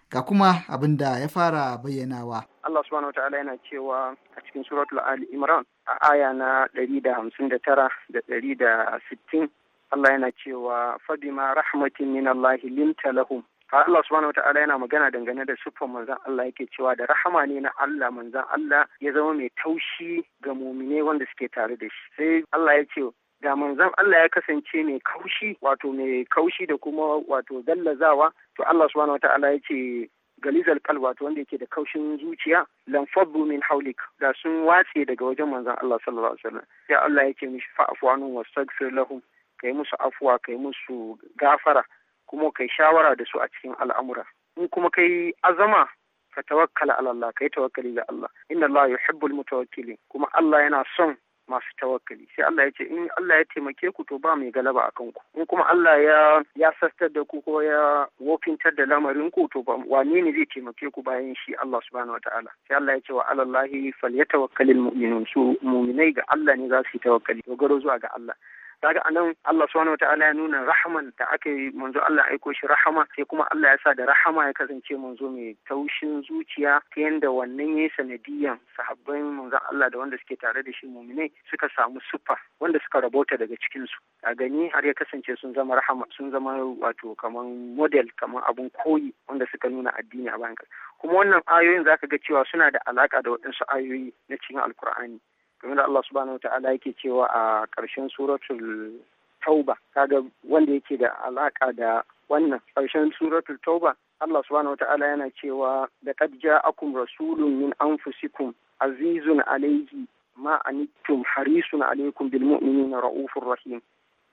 Ga kuma abin da ya fara bayyanawa. Allah subhanahu wa ta'ala yana cewa a cikin suratul Ali Imran a aya na ɗari da hamsin da tara da ɗari da sittin Allah yana cewa "Fadima rahmatin min Allah linta lahum har Allah subhanahu wataala yana magana dangane da siffan manzon Allah yake cewa da rahama ne na Allah manzon Allah ya zama mai taushi ga mumine wanda suke tare da shi sai Allah ya ce da manzon Allah ya kasance mai kaushi wato mai kaushi da kuma wato zallazawa to Allah subhanahu wataala ya ce galizal kal wato wanda yake da kaushin zuciya lan fadu min haulik da sun watse daga wajen manzon Allah sallallahu alaihi wasallam sai Allah yake mishi fa'afwanu anhum wastaghfir lahum kai musu afuwa kai musu gafara kuma kai shawara da su a cikin al'amura in kuma kai azama ka tawakkala ala Allah kai tawakkali ga Allah inna Allah yuhibbul mutawakkilin kuma Allah yana son masu tawakkali sai Allah ya ce in Allah ya taimake ku to ba mai galaba akan ku in kuma Allah ya ya sastar da ku ko ya wofintar da lamarin ku to ba wane ne zai taimake ku bayan shi Allah subhanahu wataala sai Allah ya ce wa alallahi falyatawakkalil mu'minun su mu'minai ga Allah ne za su yi tawakkali dogaro zuwa ga Allah kaga anan Allah subhanahu wataala ya nuna rahaman da aka yi manzo Allah aiko shi rahama sai kuma Allah ya sa da rahama ya kasance manzo mai taushin zuciya ta yanda wannan yayi sanadiyan sahabban manzo Allah da wanda suke tare da shi mu'minai suka samu sufa wanda suka rabota daga cikin su a gani har ya kasance sun zama rahama sun zama wato kaman model kaman abun koyi wanda suka nuna addini a bayan kuma wannan ayoyin zaka ga cewa suna da alaka da waɗansu ayoyi na cikin alkur'ani game da Allah subhanahu wa ta'ala yake cewa a ƙarshen suratul tauba kaga wanda yake da alaka da wannan ƙarshen suratul tauba Allah subhanahu wata'ala yana cewa da qad ja'akum rasulun min anfusikum azizun alayhi ma anittum harisun alaykum bil mu'minina raufur rahim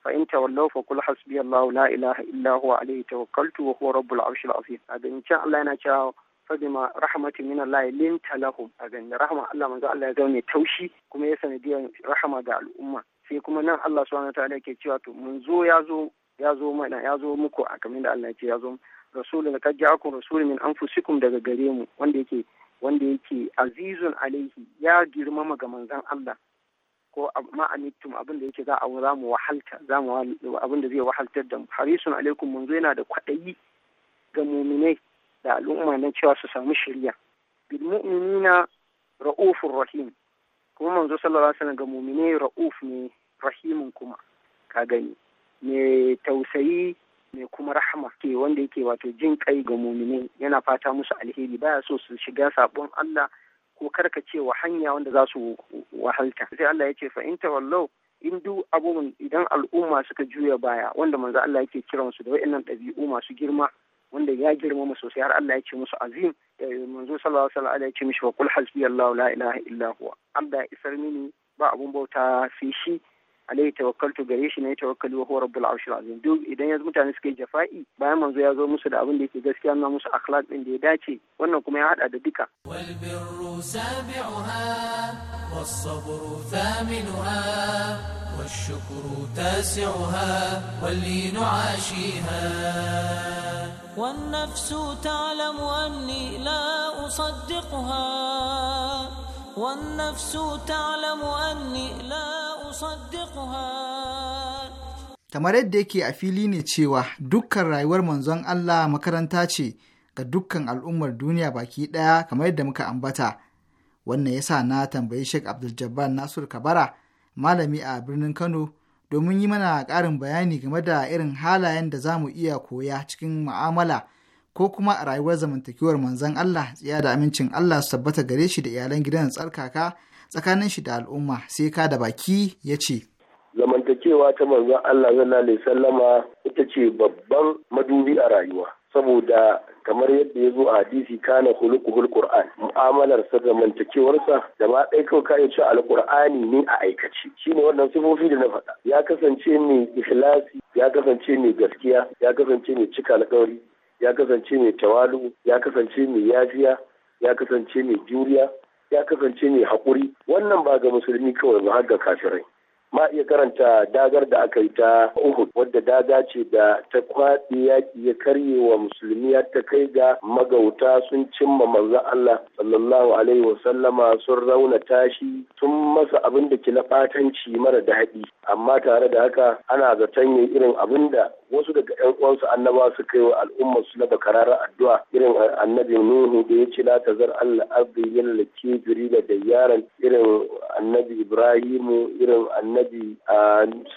fa in tawallaw fa qul hasbiyallahu la ilaha illa huwa alayhi tawakkaltu wa huwa rabbul arshil azim a Allah yana cewa fadima rahmatin min Allah linta lahum a ganin rahama Allah manzo Allah ya zama mai taushi kuma ya sanadiyar rahama ga al'umma sai kuma nan Allah subhanahu wataala yake cewa to mun zo ya zo ya zo mana ya zo muku a kamar da Allah ya ce ya zo rasulun ji ja'akum rasul min anfusikum daga gare mu wanda yake wanda yake azizun alaihi ya girmama ga manzon Allah ko ma anittum abin da yake za a za mu wahalta za mu abin da zai wahaltar da mu harisun alaikum zo yana da kwaɗayi ga muminai da al'umma na cewa su samu shirya bil mu'minina ra'ufur rahim kuma manzo sallallahu alaihi wasallam ga mu'mine ra'uf ne rahimun kuma ka gani Me tausayi me kuma rahama ke wanda yake wato jin kai ga mu'mine yana fata musu alheri baya so su shiga sabon Allah ko karkacewa hanya wanda za su wahalta sai Allah ya ce fa in tawallau in du abubuwan idan al'umma suka juya baya wanda manzo Allah yake kiransu da wa'annan ɗabi'u masu girma wanda ya girmama sosai har Allah ya ce musu azim manzo sallallahu alaihi wasallam ya ce mishi wa kul hasbiyallahu la ilaha illa huwa Allah isar mini ba abun bauta sai shi عليه توكلت جريش انه يتوكل وهو رب العرش العظيم دو اذا يزمت زمتا نسكي جفائي باي من زو يازو موسى ده ابن دي كي انا موسى اخلاق من دي داتي wannan kuma ya hada da duka wal birru sabi'uha was sabru thaminuha was shukru tasi'uha wal lin ashiha والنفس تعلم اني لا اصدق kamar yadda yake a fili ne cewa dukkan rayuwar manzon Allah makaranta ce ga dukkan al'ummar duniya baki ɗaya kamar yadda muka ambata wannan yasa na tambayi Sheikh Abdul Jabbar nasur Kabara malami a birnin Kano domin yi mana ƙarin bayani game da irin halayen da za mu iya koya cikin ma'amala ko kuma a rayuwar zamantakewar manzon Allah tsiya da amincin Allah su tabbata gare shi da iyalan gidan tsarkaka tsakanin shi da al'umma sai ka da baki ya ce. zamantakewa ta manzon Allah sallallahu alaihi sallama ita ce babban madubi a rayuwa saboda kamar yadda ya zo a hadisi kana khuluquhul qur'an mu'amalar sa zamantakewarsa da ma dai kawai ka ce alqur'ani ne a aikace shine wannan sifofi da na faɗa ya kasance mai ikhlasi ya kasance mai gaskiya ya kasance mai cika alƙawari ya kasance mai tawalu ya kasance mai yafiya ya kasance mai juriya ya kasance mai haƙuri wannan ba ga musulmi kawai ba har ga kafirai ma iya karanta dagar da aka yi ta Uhud wadda daga ce da ta kwaɗe yaƙi ya karye wa musulmi ta kai ga magauta sun cimma manzon Allah sallallahu alaihi wa sallama sun rauna tashi sun masa abin da ke na ɓatanci mara daɗi amma tare da haka ana zaton yin irin abin da wasu daga ƴan uwansu annaba suka yi wa al'umma su laba bakararar addu'a irin annabi nuhu da ya ce la tazar allah abdi yallaki jirila da yaran irin annabi ibrahimu irin annabi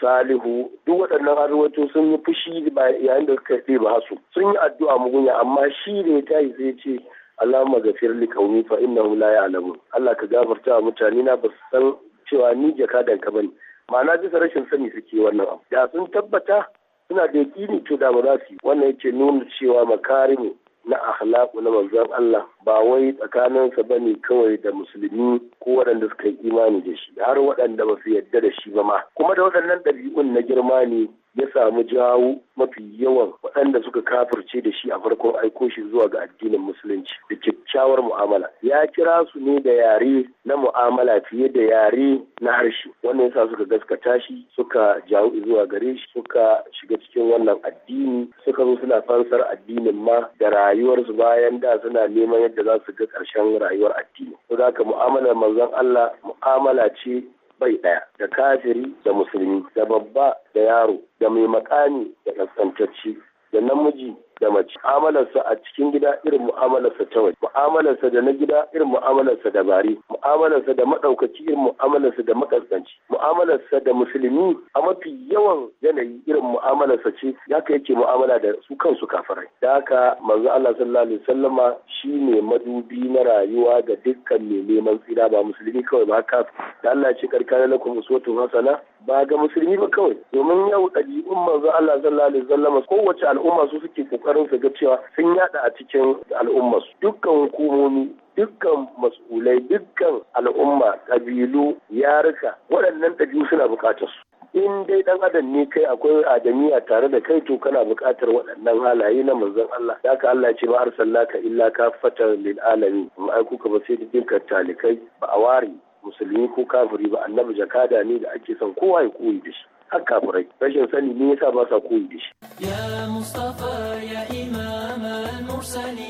salihu duk waɗannan arwato sun yi fushi yayin da suka yi ba su sun yi addu'a mugunya amma shi da ya tayi sai ce Allahumma gafir li kauni fa innahum la ya'lamun Allah ka gafarta wa mutane na ba su san cewa ni jaka da ka bane ma'ana bisa rashin sani suke wannan abu da sun tabbata suna da yaƙini to da ba za su yi wannan yake nuna cewa makarimi na akhlaqu na manzon Allah ba wai tsakaninsa ba ne kawai da musulmi ko waɗanda suka yi imani da shi har waɗanda ba su yarda da shi ba ma kuma da waɗannan ɗabi'un na girma ne ya samu jawo mafi yawan waɗanda suka kafirce da shi a farkon aiko shi zuwa ga addinin musulunci da kyakkyawar mu'amala ya kira su ne da yare na mu'amala fiye da yare na harshe wannan yasa suka gaskata shi suka jawo zuwa gare shi suka shiga cikin wannan addini suka zo suna fansar addinin ma da rayuwarsu bayan da suna neman yadda za su ga ƙarshen rayuwar addini. Ko za ka mu'amalar manzon Allah mu'amala ce bai ɗaya da kafiri da musulmi da babba da yaro da mai makami da ƙasƙantacci da namiji da mace mu'amalarsa a cikin gida irin mu'amalarsa ta waje mu'amalarsa da na gida irin mu'amalarsa da bari mu'amalarsa da madaukaci irin mu'amalarsa da makaskanci mu'amalarsa da musulmi a mafi yawan yanayi irin mu'amalarsa ce ya ka yake mu'amala da su kansu kafirai da haka manzo Allah sallallahu alaihi wasallama shine madubi na rayuwa ga dukkan mai neman tsira ba musulmi kawai ba haka da Allah ya ce karkare lakum uswatun hasana ba ga musulmi ba kawai domin yau ɗabi'un manzo Allah sallallahu alaihi wasallam kowace al'umma su suke kokarin su ga cewa sun yada a cikin al'umma su dukkan hukumomi dukkan mas'ulai dukkan al'umma ƙabilu yarika waɗannan ɗabi'u suna buƙatar su in dai dan adam ne kai akwai adamiya tare da kai to kana buƙatar waɗannan halaye na manzon Allah ya ka Allah ce ba arsalaka illa ka lil alamin in ai kuka ba sai dukkan talikai ba a ware musulmi ko kafiri ba annabi jakada ne da ake son kowa ya koyi da shi har kafirai rashin sani ne yasa ba sa koyi da shi ya mustafa ya imam al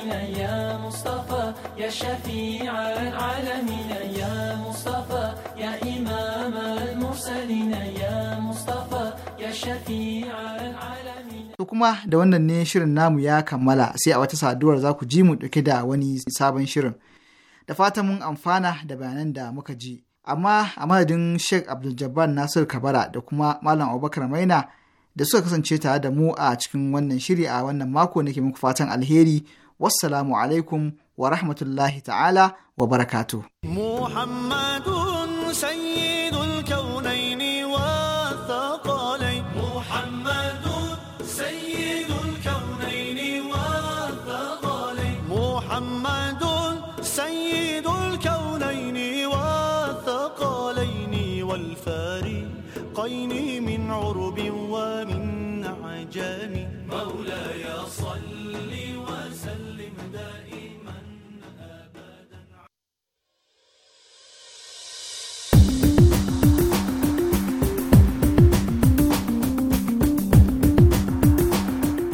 ya mustafa ya shafi'a al ya mustafa ya imam al ya mustafa ya shafi'a al To kuma da wannan ne shirin namu ya kammala sai a wata saduwar za ku ji mu ɗauke da wani sabon shirin. da fatan mun amfana da bayanan da muka ji. Amma a madadin Sheikh Abdul Jabbar Nasir Kabara da kuma Malam Abubakar Maina da suka kasance tare da mu a cikin wannan shiri a wannan mako nake muku fatan alheri. Wassalamu alaikum wa rahmatullahi ta'ala wa barakatu. Muhammadun sayyidun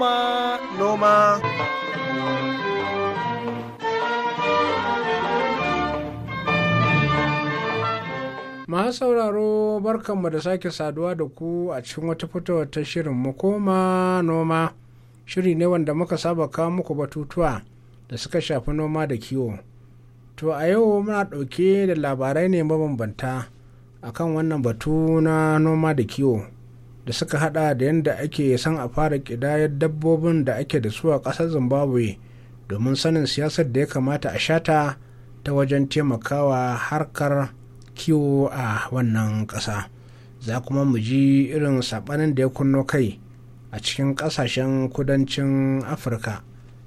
noma noma. Masu sauraro barkanmu da sake saduwa da ku a cikin wata fitowar ta shirin mu koma noma. Shiri ne wanda muka saba kawo muku batutuwa da suka shafi noma da kiwo. To a yau muna ɗauke da labarai ne mabambanta akan wannan batu na noma da kiwo. da suka hada da yadda ake san a fara kidayar dabbobin da ake da su a kasar zimbabwe domin sanin siyasar da ya kamata a shata ta wajen taimakawa harkar kiwo a wannan ƙasa za kuma mu ji irin saɓanin da ya kunno kai a cikin ƙasashen kudancin afirka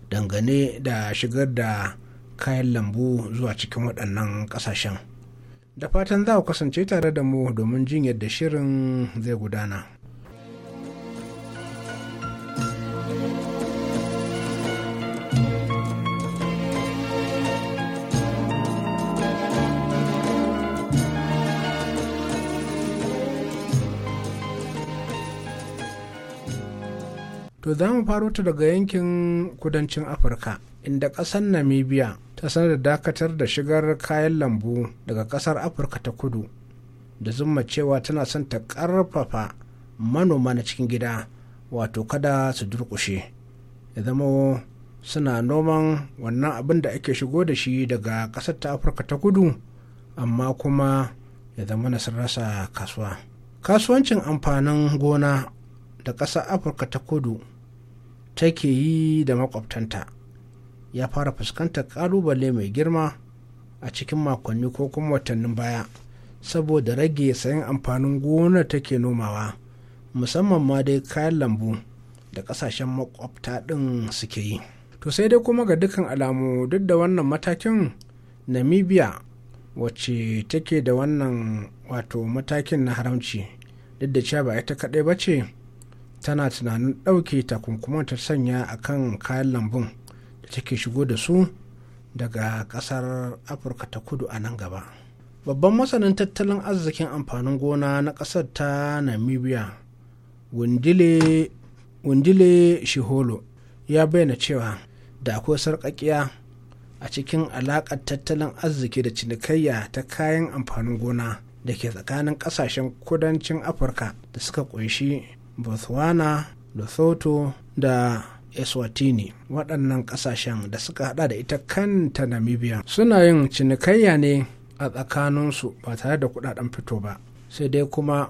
dangane da shigar da kayan lambu zuwa cikin waɗannan ƙasashen da fatan za ku kasance tare da mu domin jin yadda shirin zai gudana. yanzu za mu faro ta daga yankin kudancin Afirka, inda ƙasar Namibia ta sanar da dakatar da shigar kayan lambu daga ƙasar Afirka ta kudu, da zuma cewa tana son ta ƙarfafa manoma na cikin gida, wato kada su durƙushe. Ya zama suna noman wannan abin da ake shigo da shi daga ƙasar ta Afirka ta kudu, amma kuma ya zama na rasa kasuwa. Kasuwancin amfanin gona da ƙasar Afirka ta kudu. take yi da makwabtanta ya fara fuskantar kalubale mai girma a cikin makonni ko kuma watannin baya saboda rage sayan amfanin gona take nomawa musamman ma dai kayan lambu da kasashen makwabta ɗin suke yi to sai dai kuma ga dukkan alamu duk da wannan matakin namibia wacce take da wannan wato matakin na haramci duk da cewa ba ita kaɗai ba ce tana tunanin ɗauke takunkuman ta sanya a kan kayan lambun da take shigo da su daga ƙasar afirka ta kudu a nan gaba babban masanin tattalin arzikin amfanin gona na ƙasar ta namibia wundile, shiholo ya bayyana cewa da akwai sarƙaƙiya a cikin alaƙar tattalin arziki da cinikayya ta kayan amfanin gona da ke tsakanin ƙasashen kudancin afirka da suka ƙunshi botswana lesotho da eswatini waɗannan ƙasashen da suka haɗa da ita kanta namibia suna yin cinikayya ne a tsakaninsu ba tare da kuɗaɗen fito ba sai dai kuma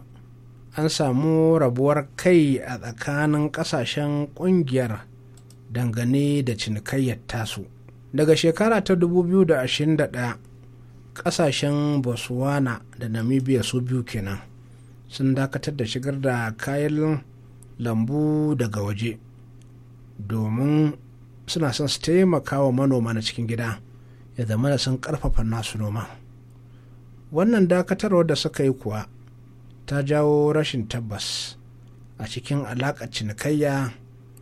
an samu rabuwar kai a tsakanin ƙasashen ƙungiyar dangane da cinikayyar tasu daga shekara ta 2021 ƙasashen botswana da namibia su biyu kenan sun dakatar da shigar da kayan lambu daga waje domin suna son su taimaka wa manoma na cikin gida ya zama da sun karfafa nasu noma wannan dakatarwar da suka yi kuwa ta jawo rashin tabbas a cikin alaƙar cinikayya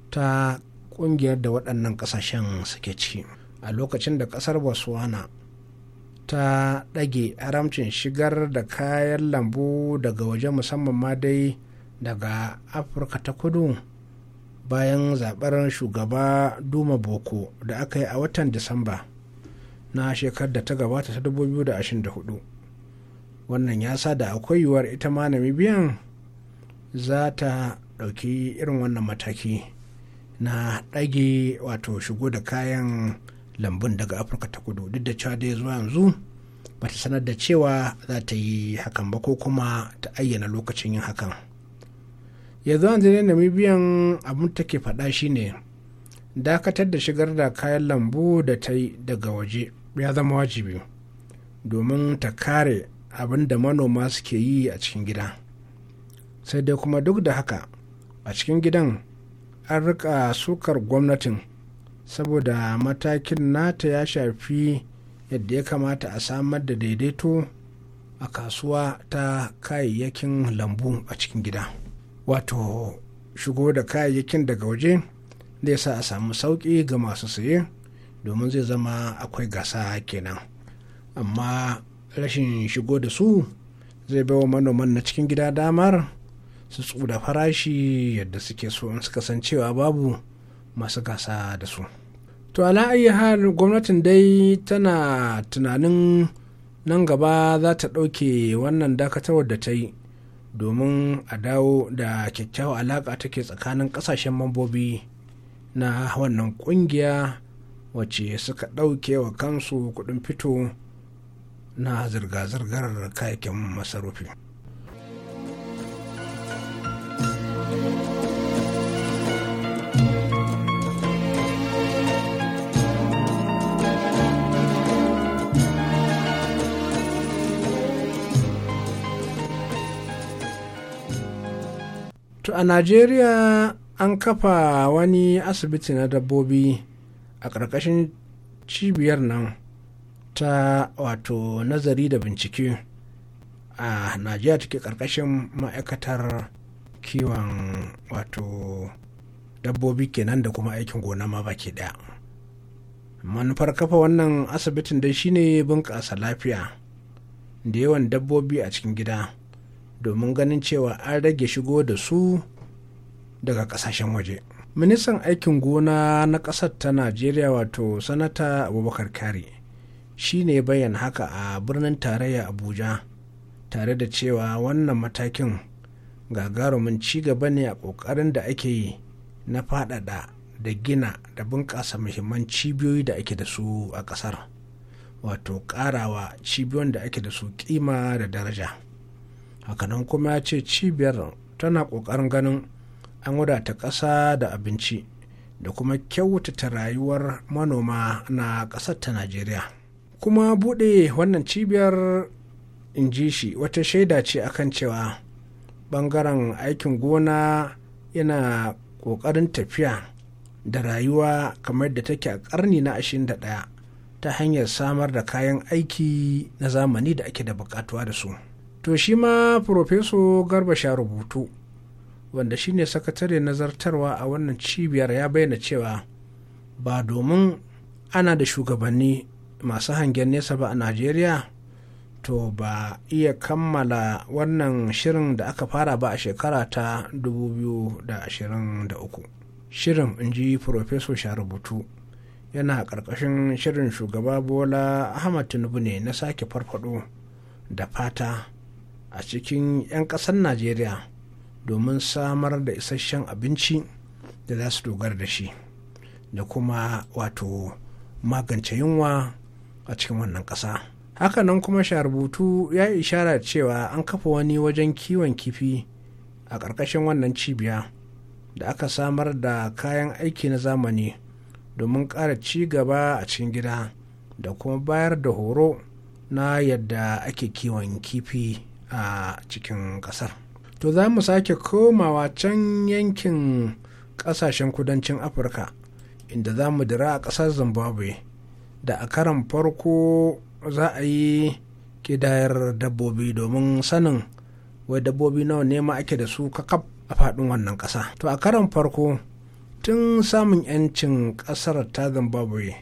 ta ƙungiyar da waɗannan ƙasashen suke ciki a lokacin da ƙasar botswana ta ɗage haramcin shigar da kayan lambu daga waje musamman ma dai daga afirka ta kudu bayan zaɓar shugaba duma boko da aka yi a watan disamba na shekar da ta gabata ta 2024 wannan ya sa da akwai yiwuwar ita ma namibiyan za ta ɗauki irin wannan mataki na ɗage wato shigo da kayan lambun daga afirka ta kudu duk da cewa dai zuwa yanzu ba ta sanar da cewa za ta yi hakan ba ko kuma ta ayyana lokacin yin hakan yanzu yanzu ne namibiyan abin ta take faɗa shine dakatar da shigar da kayan lambu da ta yi daga waje ya zama wajibi domin ta kare abin da manoma suke yi a cikin gida sai dai kuma duk da haka a cikin gidan an rika sukar gwamnatin saboda matakin nata ya shafi yadda ya kamata a samar da daidaito a kasuwa ta kayayyakin lambu a cikin gida wato shigo da kayayyakin daga waje zai sa a samu sauƙi ga masu saye domin zai zama akwai gasa kenan amma rashin shigo da su zai wa manoman na cikin gida damar su tsuda farashi yadda suke so in suka san cewa babu masu gasa da su. to ayi har gwamnatin dai tana tunanin nan gaba za ta ɗauke wannan dakatarwar da ta yi domin a dawo da kyakkyawa alaƙa take tsakanin ƙasashen mambobi na wannan ƙungiya wacce suka ɗauke wa kansu kuɗin fito na zirga-zirgar kayakin masarufi. to a najeriya an kafa wani asibiti na dabbobi a ƙarƙashin cibiyar nan ta wato nazari da bincike a najeriya take ƙarƙashin ma'aikatar kiwon wato dabbobi kenan da kuma aikin gona ma baki ɗaya manufar kafa wannan asibitin dai shine bunƙasa lafiya da yawan dabbobi a cikin gida domin ganin cewa an rage shigo da su daga kasashen waje ministan aikin gona na ƙasar ta najeriya wato sanata abubakar kari shi ne bayan haka a birnin tarayya abuja tare da cewa wannan matakin gagarumin ci gaba ne a ƙoƙarin da ake yi na faɗaɗa da gina da bunƙasa muhimman cibiyoyi da ake da su a ƙasar wato ƙarawa cibiyon da ake da su ƙima da daraja. hakanan kuma ya ce cibiyar tana ƙoƙarin ganin an wadata ƙasa da abinci da kuma kyautata rayuwar manoma na ƙasar ta najeriya kuma bude wannan cibiyar in ji shi wata shaida ce akan cewa ɓangaren aikin gona yana ƙoƙarin tafiya da rayuwa kamar da take a karni na 21 ta hanyar samar da kayan aiki na zamani da ake da buƙatuwa da su. to shi ma profeso garba sha rubutu wanda shi ne sakatare nazartarwa a wannan cibiyar ya bayyana cewa ba domin ana da shugabanni masu hangen nesa ba a najeriya to ba iya kammala wannan shirin da aka fara ba a shekara ta 2023 shirin in ji profeso rubutu yana ƙarƙashin shirin shugaba bola ahmad tinubu ne na sake farfado da fata a cikin 'yan ƙasar najeriya domin samar da isasshen abinci da za su dogara da shi da kuma wato magance yunwa a cikin wannan ƙasa hakanan kuma rubutu ya ishara cewa an kafa wani wajen kiwon kifi a ƙarƙashin wannan cibiya da aka samar da kayan aiki na zamani domin ƙara ci gaba a cikin gida da kuma bayar da horo na yadda ake kiwon kifi a cikin ƙasar to za mu sake komawa can yankin ƙasashen kudancin afirka inda za mu dira a ƙasar zimbabwe da a karan farko za a yi kidayar dabbobi domin sanin wai dabbobi nawa ne ma ake da su kakaf a faɗin wannan ƙasa to a karan farko tun samun 'yancin ƙasar ta zimbabwe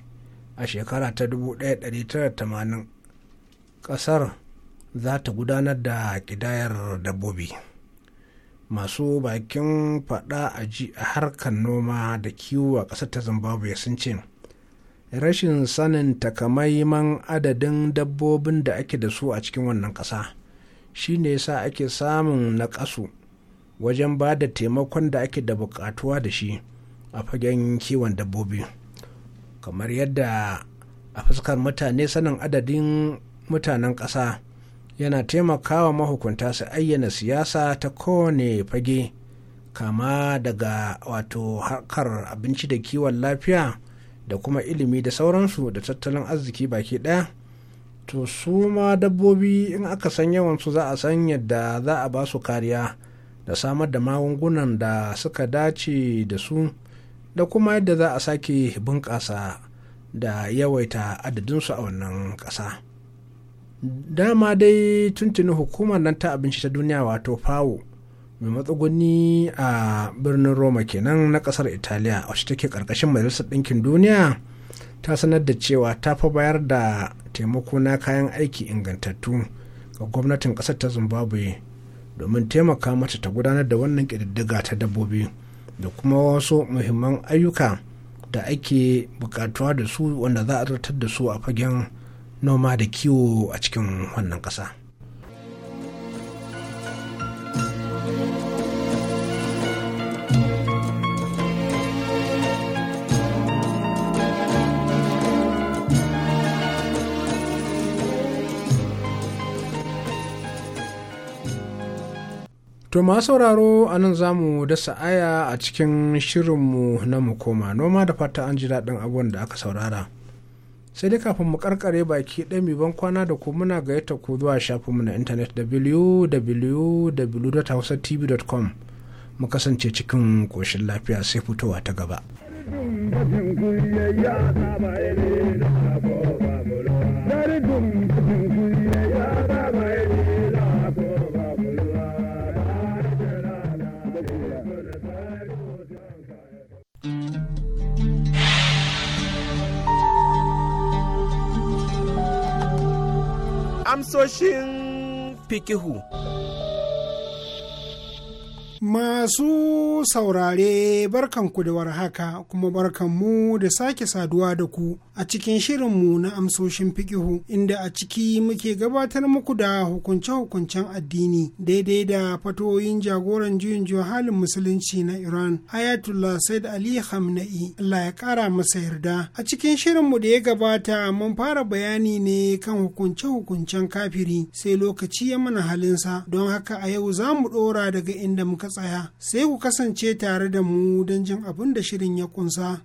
a shekara ta 1980 ƙasar za ta gudanar da ƙidayar dabbobi masu bakin fada a ji a harkar noma da kiwo a ƙasar ta zimbabwe sun ce rashin sanin takamaiman adadin dabbobin da ake da su a cikin wannan ƙasa shi ne sa ake samun na naƙasu wajen ba da taimakon da ake da buƙatuwa da shi a fagen kiwon dabbobi kamar yadda a fuskar mutane sanin adadin mutanen ƙasa yana taimakawa mahukunta su ayyana siyasa ta kowane fage kama daga wato harkar abinci da kiwon lafiya da kuma ilimi da sauransu da tattalin arziki baki ɗaya to su ma dabbobi in aka san yawansu za a san yadda za a ba su kariya da samar da magungunan da suka dace da su da kuma yadda za a sake bunƙasa da yawaita adadinsu a wannan ƙasa. dama dai tuntuni hukumar nan ta abinci ta duniya wato fawo mai matsuguni a birnin roma kenan na kasar italiya a wacce take karkashin majalisar ɗinkin duniya ta sanar da cewa ta fa bayar da taimako na kayan aiki ingantattu ga gwamnatin kasar ta zimbabwe domin taimaka mata ta gudanar da wannan ƙididdiga ta dabbobi da kuma wasu muhimman ayyuka da ake bukatuwa da su wanda za a zartar da su a fagen noma da kiwo a cikin wannan ƙasa. To ma sauraro a nan za mu dasa aya a cikin shirinmu na mu koma noma da fata an ji daɗin abuwan da aka saurara. sai dai kafin mu karkare baki ɗaya mai ban kwana da ku muna gayyata ku zuwa shafin mu na intanet www.hausatv.com mu kasance cikin koshin lafiya sai fitowa ta gaba. Dari dum amsoshin fikihu. Masu saurare barkanku da warhaka kuma barkanmu da sake saduwa da ku a cikin shirinmu na amsoshin fikihu inda a ciki muke gabatar muku da hukunce-hukuncen addini daidai da fatoyin jagoran juyin halin musulunci na Iran Ayatollah Said Ali Khamenei Allah ya kara masa yarda. A cikin shirinmu da ya gabata mun fara bayani ne kan hukunce-hukuncen kafiri sai lokaci ya mana halinsa don haka a yau za mu ɗora daga inda muka tsaya sai ku kasance tare da mu don jin abin da shirin ya kunsa.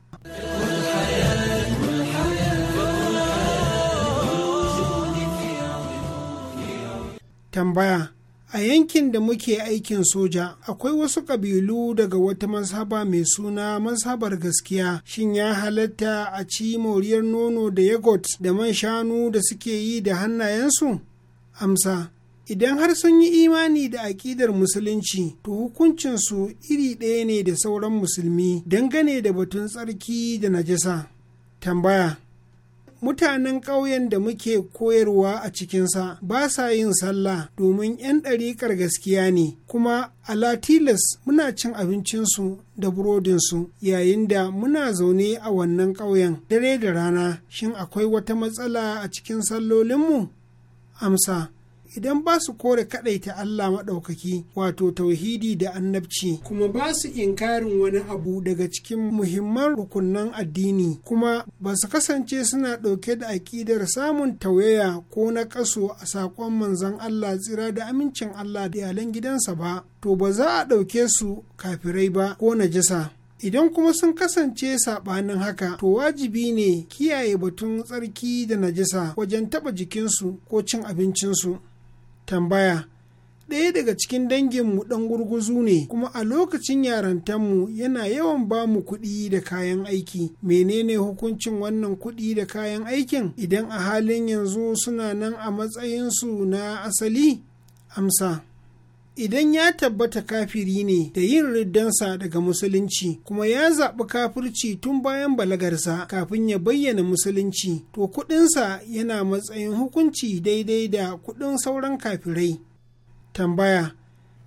Tambaya A yankin da muke aikin soja, akwai wasu ƙabilu daga wata mazhaba mai suna mazhabar gaskiya. Shin ya halatta a ci moriyar nono da yagot da man shanu da suke yi da hannayensu? Amsa. idan har sun yi imani da aƙidar musulunci to hukuncinsu iri ɗaya ne da sauran musulmi dangane da batun tsarki da najasa tambaya mutanen ƙauyen da muke koyarwa a cikinsa ba sa yin sallah domin 'yan ɗariƙar gaskiya ne kuma ala tilas muna cin abincinsu da burodinsu yayin da muna zaune a wannan ƙauyen dare da rana shin akwai wata matsala a cikin sallolinmu amsa idan ba su kore kaɗaita Allah maɗaukaki wato tauhidi da annabci kuma ba su inkarin wani abu daga cikin muhimman rukunan addini kuma ba su kasance suna ɗauke da aƙidar samun tauyaya ko na ƙaso a saƙon manzan Allah tsira da amincin Allah da iyalan gidansa ba to ba za a ɗauke su kafirai ba ko najasa idan kuma sun kasance saɓanin haka to wajibi ne kiyaye batun tsarki da najasa wajen taɓa jikinsu ko cin abincinsu tambaya ɗaya daga cikin danginmu ɗan gurguzu ne kuma a lokacin mu yana yawan ba mu kuɗi da kayan aiki menene hukuncin wannan kuɗi da kayan aikin idan a halin yanzu suna nan a matsayinsu na asali amsa idan ya tabbata kafiri ne da yin riddansa daga musulunci kuma ya zaɓi kafirci tun bayan balagarsa kafin ya bayyana musulunci to kuɗinsa yana matsayin hukunci daidai da kuɗin sauran kafirai tambaya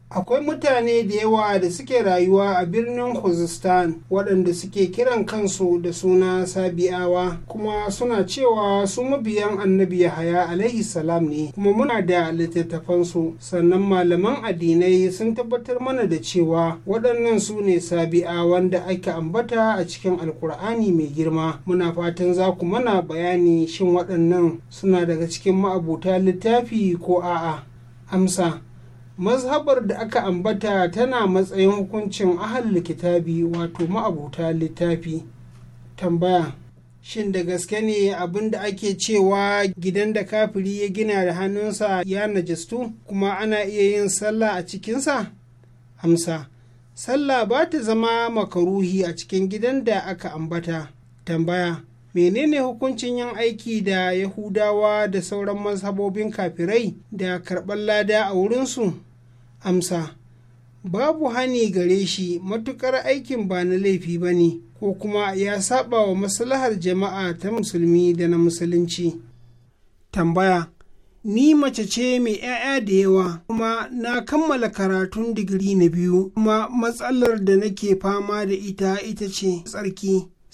akwai mutane da yawa da suke rayuwa a birnin khuzistan waɗanda suke kiran kansu da suna sabi'awa kuma suna cewa su mabiyan annabi yahaya alaihi salam ne kuma muna da littattafansu sannan malaman addinai sun tabbatar mana da cewa waɗannan su ne sabi'awan da ake ambata a cikin alkur'ani mai girma muna fatan za ku mana bayani shin waɗannan suna daga cikin ma'abuta littafi ko a'a amsa mazhabar da aka ambata tana matsayin hukuncin ahal kitabi wato ma'abuta littafi tambaya shin da gaske ne abin da ake cewa gidan da kafiri ya gina da hannunsa ya najistu kuma ana iya yin sallah a cikinsa amsa sallah ba ta zama makaruhi a cikin gidan da aka ambata tambaya menene hukuncin yin aiki da yahudawa da sauran mazhabobin kafirai da karɓar lada a wurinsu amsa babu hani gare shi matukar aikin ba na laifi ba ne ko kuma ya saba wa maslahar jama'a ta musulmi da na musulunci tambaya ni mace ce mai 'ya'ya da yawa kuma na kammala karatun digiri na biyu kuma matsalar da nake fama da ita ita ce tsarki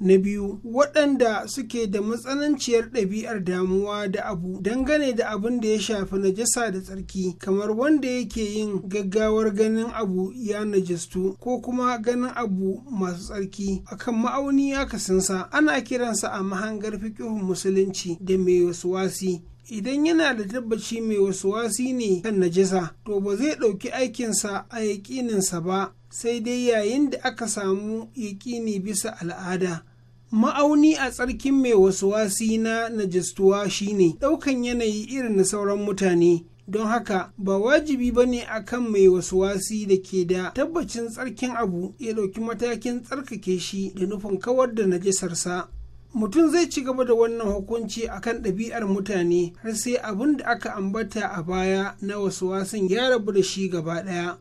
Na biyu, waɗanda suke da matsananciyar ɗabi'ar damuwa da abu dangane da abin da ya shafi najasa da tsarki, kamar wanda yake yin gaggawar ganin abu ya najastu ko kuma ganin abu masu tsarki akan ma'auni sinsa ana kiransa a mahangar fiƙihun musulunci da mai wasu wasi. idan yana da tabbaci mai wasu wasi ne kan najasa to ba zai ɗauki aikinsa a yaƙininsa ba sai dai yayin da aka samu yaƙini bisa al'ada ma'auni a tsarkin mai wasu wasi na najistuwa shine ɗaukan yanayi irin na sauran mutane don haka ba wajibi ba ne akan mai wasu wasi da ke da tabbacin tsarkin abu ya ɗauki matakin tsarkake shi da nufin kawar da najisarsa mutum zai ci gaba da wannan hukunci akan ɗabi'ar mutane har sai abin da aka ambata a baya na wasu wasan ya rabu da shi gaba ɗaya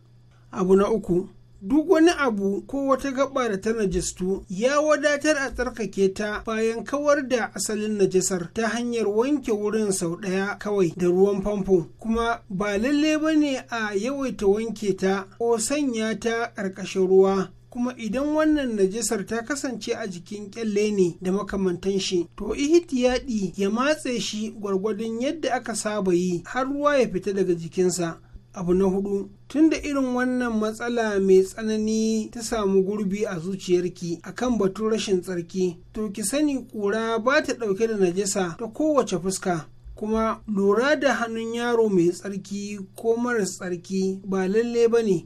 abu na uku duk wani abu ko wata gaba da ta najistu ya wadatar a tsarkake ta bayan kawar da asalin najasar ta hanyar wanke wurin sau ɗaya kawai da ruwan famfo kuma ba lalle ba ne a yawaita wanke ta ko sanya ta ƙarƙashin ruwa kuma idan wannan najasar ta kasance a jikin kyalle ne da makamantan shi to ihtiyadi ya matse shi gwargwadon yadda aka saba yi har ruwa ya fita daga jikinsa abu na hudu tunda irin wannan matsala mai tsanani ta samu gurbi a zuciyarki akan batun rashin tsarki to ki sani kura ba ta dauke da najasa ta kowace fuska kuma lura da hannun yaro mai tsarki ko maras tsarki ba lalle ba ne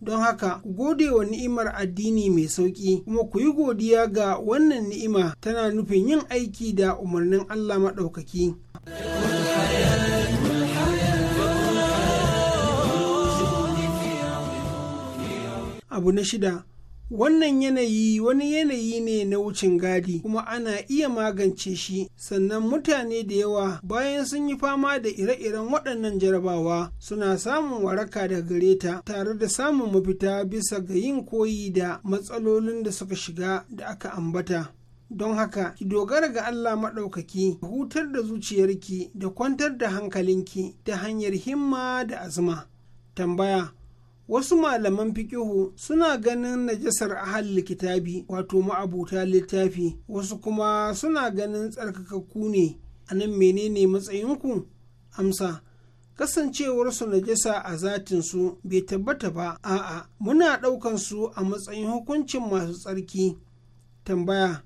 don haka gode wa ni'imar addini mai sauƙi kuma ku yi godiya ga wannan ni'ima tana nufin yin aiki da umarnin Allah maɗaukaki. abu na shida Wannan yanayi wani yanayi ne na wucin gadi kuma ana iya magance shi sannan mutane da yawa bayan sun yi fama da ire-iren waɗannan jarabawa suna samun waraka da gare ta tare da samun mafita bisa ga yin koyi da matsalolin da suka shiga da aka ambata. don haka ki dogara ga Allah maɗaukaki hutar da zuciyarki da kwantar da hankalinki ta hanyar himma da azuma. Tambaya wasu malaman fikihu suna ganin najasar ahal likitabi wato ma'abuta littafi wasu kuma suna ganin tsarkakakku ne a nan menene matsayinku amsa kasancewarsu najasa a zatinsu bai tabbata ba a'a muna ɗaukan su a matsayin hukuncin masu tsarki tambaya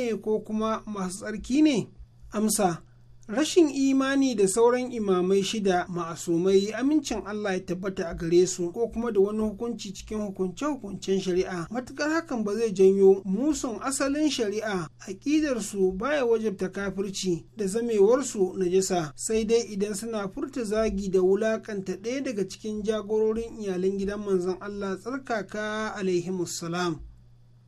eh ko kuma masu tsarki ne amsa rashin imani da sauran imamai shida ma'asumai amincin Allah ya tabbata a gare su ko kuma da wani hukunci cikin hukunce-hukuncen shari'a matuƙar hakan ba zai janyo musun asalin shari'a aƙidar su baya wajabta kafirci da zamewarsu na jisa. sai dai idan suna furta zagi da wulaƙanta ɗaya daga cikin jagororin iyalan gidan manzon Allah tsarkaka salam.